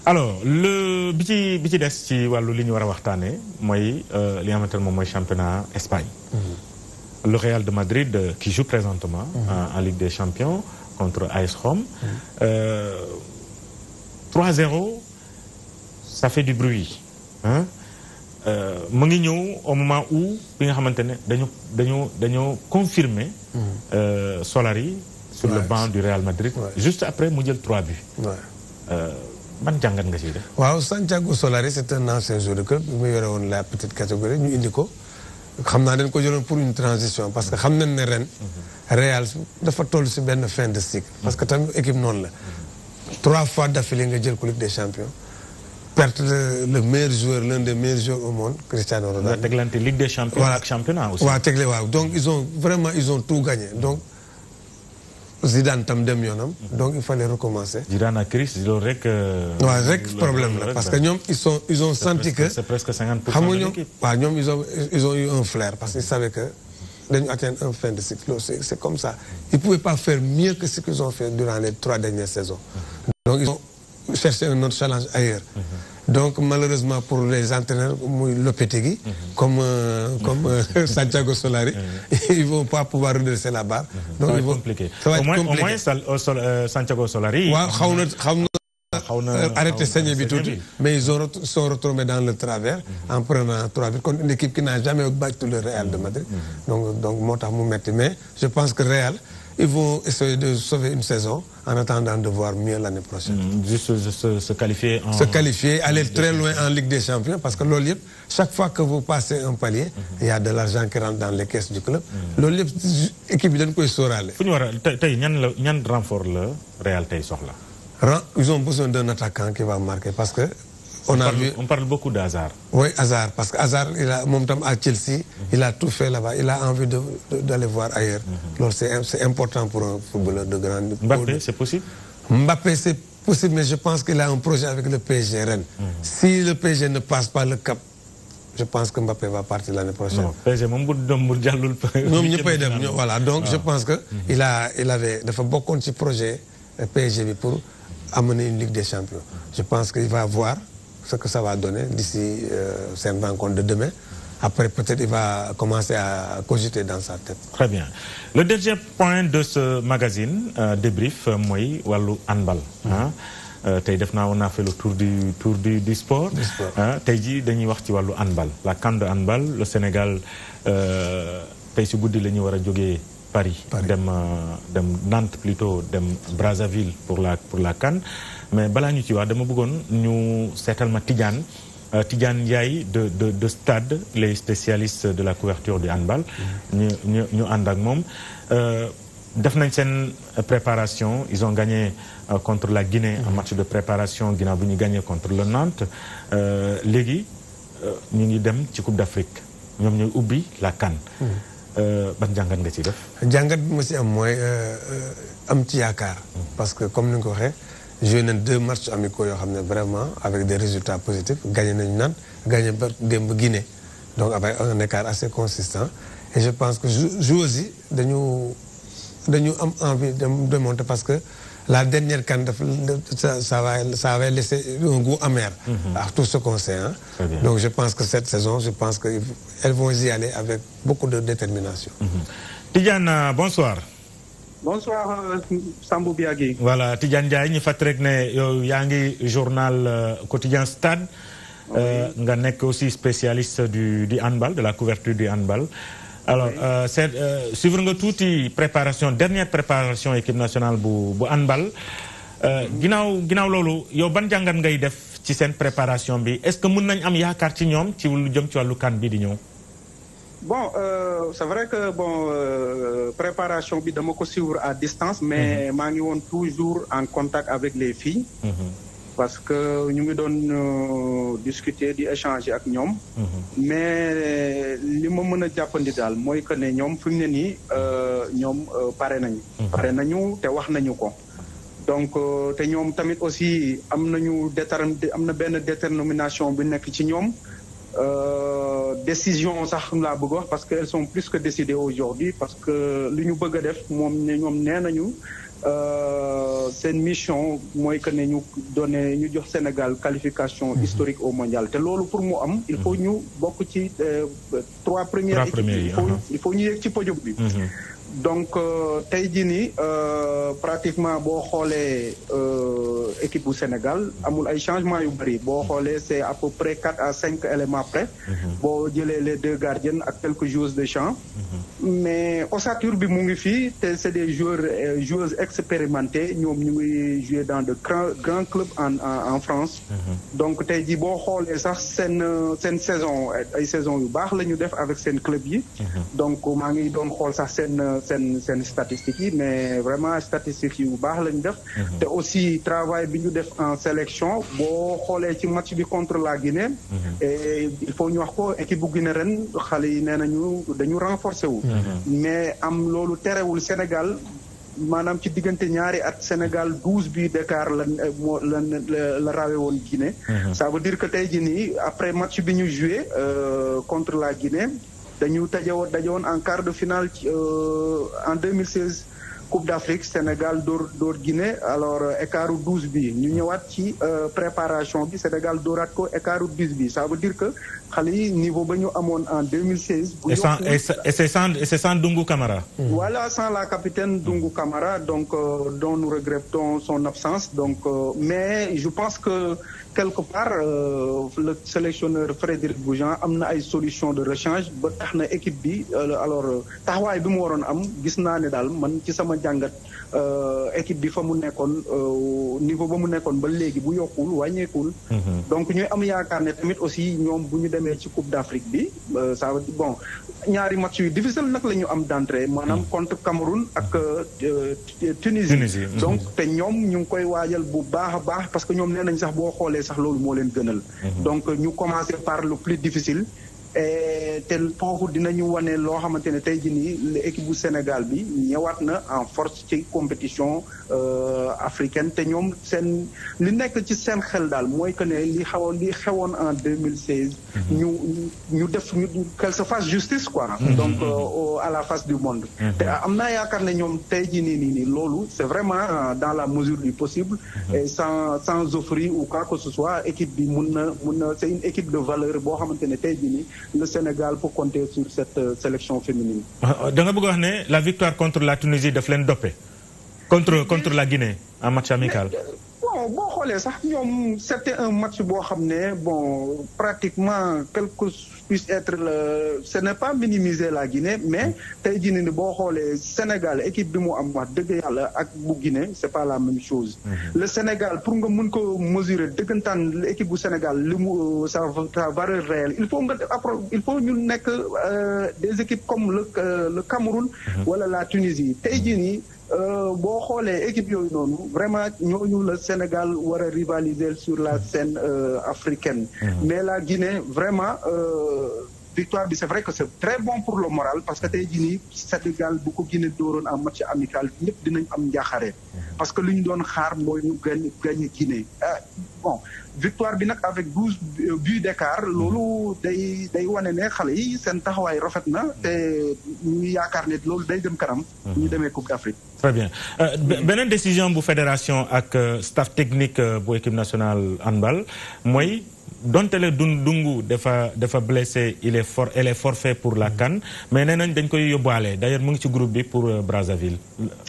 alors le petit destin, bi ci ci li euh, championnat Espagne. Mm-hmm. le Real de Madrid euh, qui joue présentement. Mm-hmm. Euh, en Ligue des Champions contre AS Rome. 3-0 mm-hmm. ça fait du bruit Hein? au moment où bi confirmer Solari sur le banc du Real Madrid. juste après mu 3 buts ban jàngat nga siy def. Santiago Solari c'est un ancien joueur de club bi mu yore woon la petite catégorie ñu indi ko xam dañ ko jëloon pour une transition parce que xam nañ ne ren. Real dafa toll si benn fin de cycle. parce que tamit équipe non la. trois fois d'affilée nga jël Coupe des champions. perte le meilleur joueur l'un des meilleurs joueurs au monde Cristiano Ronaldo. teglante Ligue des champions ak championnat aussi. waaw donc ils ont vraiment ils ont tout gagné donc. Zidane tam dem donc il fallait recommencer. Zidane crise, ben, ils ont que. ouais, rek problème parce qu'ils ils ont senti que. c'est presque 50 ils ont ils ont eu un flair parce qu'ils savaient que dañu atteindre un fin de cycle c'est comme ça ils pouvaient pas faire mieux que ce qu'ils ont fait durant les trois dernières saisons. donc ils ont cherché un autre challenge ailleurs. Mhm. Donc malheureusement pour les entraîneurs comme Lopetegui, comme, comme euh, Santiago Solari, mhm. ils ne vont pas pouvoir redresser la barre. Donc, compliqué. au moins, compliqué. Au euh, euh, Santiago Solari... Ouais, saigner mais ils ont, sont retrouvés dans le travers mhm. en prenant trois buts contre une équipe qui n'a jamais battu le Real de Madrid. Mhm. Donc, je pense que Real, ils vont essayer de sauver une saison en attendant de voir mieux l'année prochaine. Mm, juste, se, qualifier en... Se qualifier, aller très loin en Ligue des Champions, parce que l'Olip, chaque fois que vous passez un palier, mm-hmm. il y a de l'argent qui rentre dans les caisses du club. Mmh. l'équipe équipe de quoi ils renfort le Real Ils ont besoin d'un attaquant qui va marquer, parce que on, parle, beaucoup d'Hazard. Oui, hasard parce que il a, à Chelsea, mhm. il a tout fait là-bas. Il a envie d'aller voir ailleurs. Mhm. c'est important pour un footballeur de grande. Mbappé, c'est possible Mbappé, c'est possible, mais je pense qu'il a un projet avec le PSG Rennes. Mhm. Si le PSG ne passe pas le cap, je pense que Mbappé va partir l'année prochaine. Non, PSG, mon bout de Non, voilà. Donc, je ah. pense qu'il a, il avait, il beaucoup de projets PSG pour amener une Ligue des Champions. Je pense qu'il va voir ce que ça va donner d'ici euh, cette rencontre de demain. Après, peut-être il va commencer à cogiter dans sa tête. Très bien. Le deuxième point de ce magazine, euh, débrief, euh, moi, Wallou Anbal. Hein? Mm-hmm. Euh, on a fait le tour du tour du sport. on hein. Denis dañuy wax ci la canne de Anbal le Sénégal euh, tey a guddi la ñu Paris. dem dem Nantes plutôt dem Brazzaville pour la pour la CAN mais balaa ñu ci wax dama bëggoon ñu seetal ma Tidiane euh, Tidiane de de de Stade les spécialistes de la couverture de handball. ñu ñu ñu ànd ak moom. Euh, def nañ préparation ils ont gagné euh, contre la Guinée. un match de préparation ginnaaw bi ñu gagné contre le Nantes. léegi ñu ngi dem ci Coupe d'Afrique ñoom ñooy ubbi la CAN. ban jàngat nga ci def. jàngat bi ma am mm. parce que comme ni nga joué nañ deux matchs amicaux vraiment avec des résultats positifs gagné nañu gagné ba Guinées. Guinée donc avec un écart assez consistant et je pense que je aussi dañu dañu envie de monter parce que la dernière canne ça, ça, va, laisser un goût amer mhm. à tout ce qu'on sait. Hein. Donc je pense que cette saison, je pense qu'elles vont y aller avec beaucoup de détermination. Mm bonsoir bonsoir euh, Sambou Biagi. voilà Tidiane Ndiaye ñu fàttali rek ne le journal euh, quotidien Stade. Euh, nga es aussi spécialiste du handball de la couverture du handball. alors c'est suivre nga préparations préparation dernière préparation équipe nationale du handball. Mhm. ginnaaw Lolo, loolu yow ban jàngat ngay def ci préparation est-ce que vous nañ am yaakaar ci ñoom ci lu jëm ci bon euh, c'est vrai que bon euh, préparation est dama à distance mais mhm. nous sommes toujours en contact avec les filles mhm. parce que nous ngi nous euh, discuter avec échanger mhm. mais ce ma je a dire, c'est que nous, sommes parrainés. Nous sommes nii ñoom pare nañu donc nous avons aussi une détermination pour nous. Euh, décision sax parce qu'elles sont plus que décidées aujourd'hui parce que l'Union ñu bëgg euh, mission que Sénégal qualification mhm. historique au mondial pour moi, il faut nous mhm. beaucoup trois premières il faut nous donc euh, tey dit ni euh, pratiquement boo xoolee euh, équipe bu Sénégal amul ay changement yu bëri boo xoolee c' à peu près quatre à 5 éléments près. Mhm. boo les deux gardiens ak quelques joueurs de champ. Mhm. mais ossature bi mu ngi fii des joueurs expérimentés Nous ñu ngi dans de grands clubs en en France. Mhm. donc tey c'est boo sax seen seen saison ay saison yu baax la avec seen club yi. donc maa ngi doon xool sax seen seen seen statistiques yi mais vraiment statistiques bu baax lañ def. Mhm. te aussi travail bi ñu def en sélection boo xoolee ci match bi contre la Guinée. Mhm. et il faut ñu wax ko équipe bu Guinée ren xale yi nee nañu dañu renforcer wu. Mhm. mais am loolu terewul Sénégal. maanaam ci diggante ñaari at Sénégal 12 bi Dakar la moo la la rawe woon Guinée. ça veut dire que tey jii nii après match bi ñu joué euh, contre la Guinée dañu en quart de finale euh, en 2016 Coupe d'Afrique Sénégal dor dor Guinée alors euh, écartu 12 bi ñu ñëwaat ci euh, préparation bi Sénégal Doratko, ko écartu 12 bi ça veut dire que xale yi niveau bañu amone en 2016. et c'est sans et sans Dungu Camara. Mm. voilà sans la capitaine Dungu Kamara, donc dont nous regrettons son absence donc mais je pense que quelque part euh, le sélectionneur Frédéric Boujan a une ay solution de rechange ba tax équipe bi euh, alors taxawaay bi mu waroon am gis naa ne dal man ci sama jangat Euh, équipe bi fa mu nekkoon euh, niveau ba mu nekkoon ba léegi bu yokkul wàññeekul. Mhm. donc ñuy am yaakaar ne tamit aussi ñoom bu ñu demee ci Coupe d'Afrique bi saa euh, veut dire bon ñaari match yu difficile nag la ñu am d'entrée maanaam mhm. contre Cameroun ak Tunisie mhm. donc te ñoom ñu ngi koy waajal bu baax a baax parce que ñoom nee nañ sax boo xoolee sax loolu moo leen gënal donc ñu commencer par le plus difficile Et eh, pour dinañu nous loo xamante ne tey Sénégal en force compétition africaine que en 2016. Mhm. qu'elle se fasse justice mhm. euh, à la face du monde. c'est vraiment euh, dans la mesure du possible. Mhm. sans offrir ou quoi que ce soit équipe c'est une équipe de valeur le Sénégal pour compter sur cette euh, sélection féminine. Ah, ah, da nga bëgg la victoire contre la Tunisie de leen contre contre la Guinée en match amical. Euh, bon boo sax ñom c'était un match bo xamné bon pratiquement quelque puisse être le ce n'est pas minimiser la Guinée mais tay jii ni bo xolé Sénégal équipe bi mu am wax deug yalla ak bu Guinée c'est pas la même chose. Mhm. le Sénégal pour nga mun ko mesurer dëggantaan l'équipe du Sénégal li mu euh, sa va valeur réelle il faut nga il faut ñu nekk euh, des équipes comme le euh, le Cameroun. Mhm. wala la Tunisie tay euh, boo xoolee équipe yooyu noonu vraiment ñooñu le Sénégal war a rivaliser sur la scène euh, africaine mm-hmm. mais la Guinée vraiment euh, victoire bi c'est vrai que c'est très bon pour le moral parce que tey jii nii Sénégal bu ko Guinée dooroon en match amical ñëpp dinañ am njaaxare. parce que luñ doon xaar moy ñu gagne gañ Guinée. Ah, bon victoire bi nak avec 12 buts d'écart lolu day day wone né xalé yi seen taxawaay rafet na te ñu yaakaar ne loolu day dem karam ñu démé Coupe d'Afrique. très bien euh, benen décision bu fédération ak euh, staff technique euh, bu équipe nationale handball moy d'une le dun dungu dafa dafa blessé il est for elle est forfait pour la CAN mais nee nañ dañ koy yobale d'ailleurs ailleurs ci groupe bi pour euh, Brazzaville.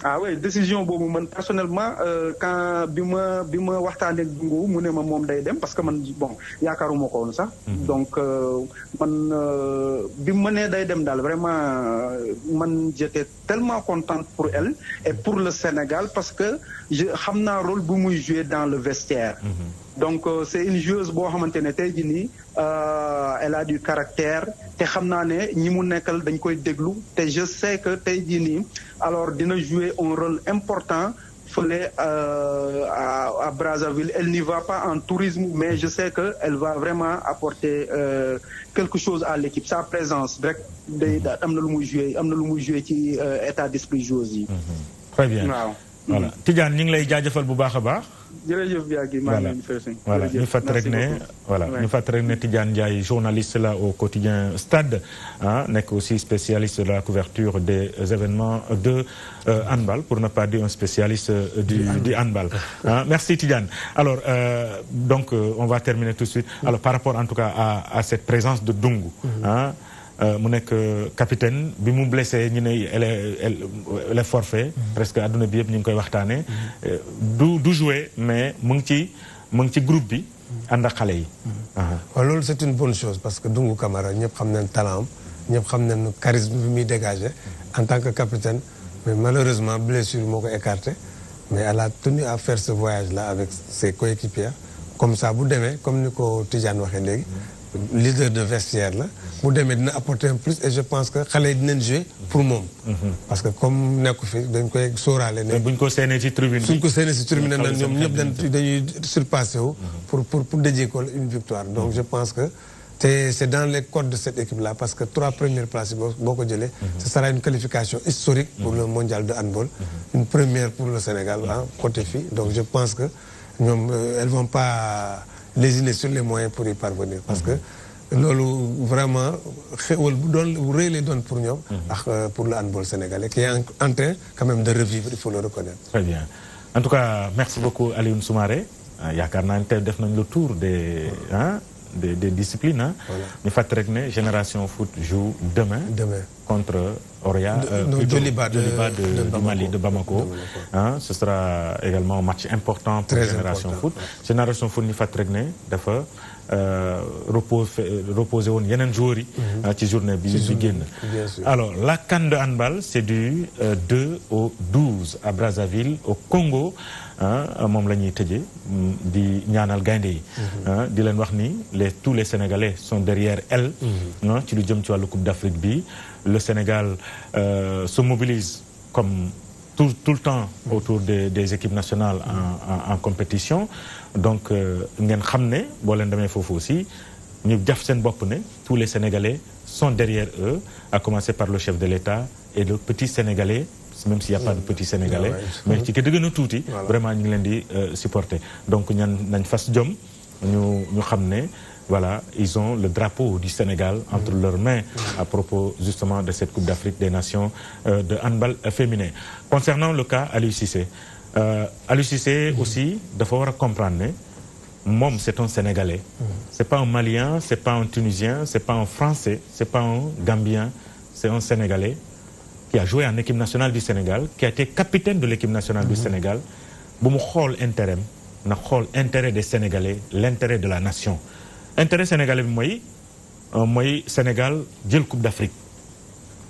ah oui décision bobu man personnellement euh, quand bima bima waxtane ma waxtaanee dungu mu ma mom day dem parce que man bon yaakaaruma carrément sax. Mhm. donc euh, man bi ma nee day dem dal vraiment man j'étais tellement contente pour elle et pour le Sénégal parce que je xamna un rôle bu muy jouer dans le vestiaire. Mhm donc euh, c'est une joueuse bo xamantene ne tey jii euh, elle a du caractère té xamna né ne ñi mu nekkal dañ koy déglu té je sais que tey jii nii alors dina jouer un rôle important euh, à Brazzaville elle n'y va pas en tourisme mais je sais que elle va vraiment apporter euh, quelque chose à l'équipe sa présence rek day amna lu muy jouer amna lu muy jouer ci état d'esprit joueuse yi. très bien voilà Tidiane ñu ngi lay jaajëfal bu baax a baax jërëjëf faut maa ngi voilà nous fàtt rek Tidiane journaliste là au quotidien Stade n'est hein, nekk aussi spécialiste de la couverture des événements de euh, handball pour ne pas dire un spécialiste euh, du handball hein. merci Tidiane alors euh, donc on va terminer tout de suite alors par rapport en tout cas à cette présence de Dungu mhm. hein, euh, mu nekk euh, capitaine bi mu blessé ñu ne elle est forfait mhm. presque àdduna bi yëpp ñu ngi koy waxtaanee. Mhm. Euh, du du jouer mais mu ngi ci mu ngi ci groupe bi. ànd ak xale yi. Mhm. waaw loolu c'est une bonne chose parce que Dungu Camara ñëpp xam nañ talent am ñëpp xam nañ charisme bi muy dégagé en tant que capitaine mais malheureusement blessure moo ko écarté mais elle a tenu à faire ce voyage là avec ses coéquipiers comme ça bu demee comme ni ko Tidiane waxee léegi leader de vestiaire pour apporter un plus et je pense que ça yi jouer pour moi parce que comme nous fi fait, koy sóoraale buñ ko séné ci tribune suñ ko une ci tribune pour pour pour une victoire donc mm-hmm. je pense que c'est dans les codes de cette équipe là parce que trois premières places beaucoup de mm-hmm. ce sera une qualification historique pour le mm-hmm. mondial de handball une première pour le Sénégal hein, côté donc je pense que ne euh, elles vont pas les sur les moyens pour y parvenir parce que nous vraiment on les donne pour nous mhm. euh, pour le handball sénégalais qui est en train quand même de revivre il faut le reconnaître très bien en tout cas merci beaucoup Alioune Soumaré euh, Yakarna il def nañ le tour des hein, des des disciplines mais que la génération foot joue demain contre Oria, euh, de, plutôt, de, de, de, de Bamako, Mali, de Bamako. Bamako. Hein, ce sera également un match important pour Très Génération important. Foot. Génération Foot n'y fait d'accord repose, reposer woon yenen joueurs yi. Mhm. Euh, ci journée bi bi génn. alors la CAN de handball c'est du 2 euh, au 12 à Brazzaville au Congo hein, la ñuy tëjee mm, di ñaanal gaynde yi. Mhm. Hein, di leen wax ni les tous les sénégalais sont derrière elle. non mhm. hein, ci lu jëm ci le coupe d'Afrique Afrique bi le Sénégal euh, se mobilise comme tout, le temps autour des, équipes nationales en, compétition. Donc, euh, nous avons aussi tous les Sénégalais sont derrière eux, à commencer par le chef de l'État et le petit Sénégalais même s'il n'y a pas de petits Sénégalais. mais qui est dëgg na vraiment nous ngi euh, donc nous avons fas jom nous ñu voilà, ils ont le drapeau du Sénégal entre leurs mains à propos justement de cette Coupe d'Afrique des Nations euh, de handball féminin. Concernant le cas à l'UCC, à l'UCC aussi, il faut comprendre Mom, c'est un Sénégalais. C'est pas un Malien, c'est pas un Tunisien, c'est pas un Français, c'est pas un Gambien, c'est un Sénégalais qui a joué en équipe nationale du Sénégal, qui a été capitaine de l'équipe nationale du Sénégal. Boumou interm, l'intérêt. n'a intérêt des Sénégalais, l'intérêt de la nation intérêt sénégalais moy euh, moy Sénégal jël coupe d'Afrique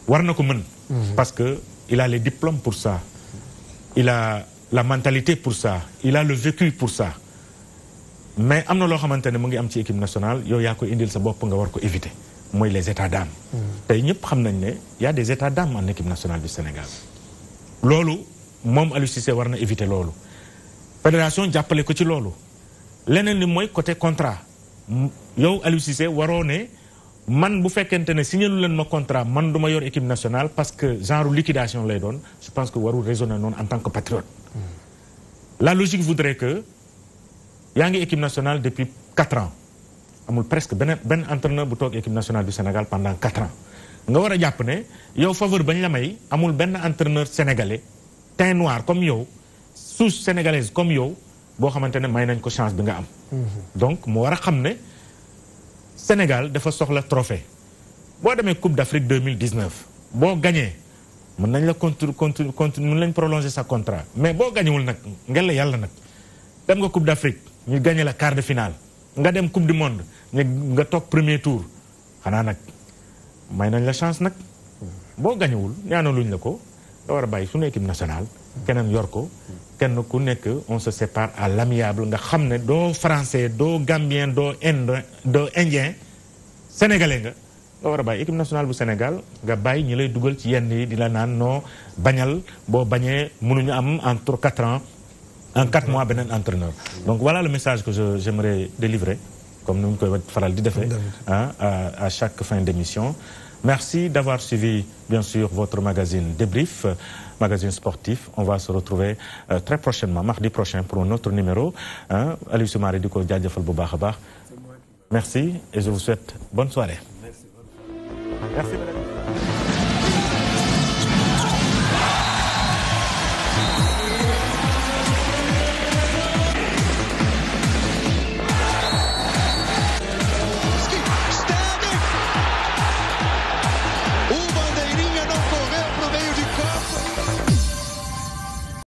war nako mën. Mhm. parce que il a les diplômes pour ça. il a la mentalité pour ça il a le vécu pour ça mais amna lo xamantene mo ne ngi am ci équipe nationale yow ya ko indil sa bop nga war ko éviter moy les états d'âme. Mhm. tay ñep xam nañ Il y a des états d'âme en équipe nationale du Sénégal. lolu mom je Cissé war na éviter l'Olu. fédération jappalé ko ci lolu leneen ni moy côté contrat yow Aliou Cissé waroo ne man bu fekkente ne signalu leen contrat man du yor équipe nationale parce que genre liquidation lay doon je pense que warou raisonner noonu en tant que patriote. la logique voudrait que yaa ngi équipe nationale depuis 4 ans amul presque benn benn entraîneur bu toog équipe nationale du Sénégal pendant 4 ans nga war a jàpp ne yow faveur bañ la may amul benn entraîneur sénégalais teint noir comme yow souche sénégalaise comme yow bo may nañ ko chance bi nga am. Mhm. donc mo wara a Sénégal dafa soxla trophée Si Coupe d'Afrique 2019 bo gagné. mën nañ la prolonger sa contrat mais nak ngel la Coupe d'Afrique ñu gagné la quart de finale nga la Coupe du monde ñu nga le premier tour xana nak may la chance gagné, Vous avez ñaanaluñ la ko da wara bay suñu équipe nationale Vous yor ko kenn ku nekk on se sépare à l'amiable nga xam ne français doo gambien doo Indiens, doo indien sénégalais nga nga war a équipe nationale bu Sénégal gabay bàyyi ñi lay dugal ci yenn yi di la naan bagnal bañal boo am entre quatre ans en quatre mois beneen entraîneur donc voilà le message que je j'aimerais délivrer comme nous koy faral di defee hein, à chaque fin d'émission merci d'avoir suivi bien sûr votre magazine Débrief magazine sportif. On va se retrouver euh, très prochainement, mardi prochain, pour un autre numéro. du hein. Merci et je vous souhaite bonne soirée.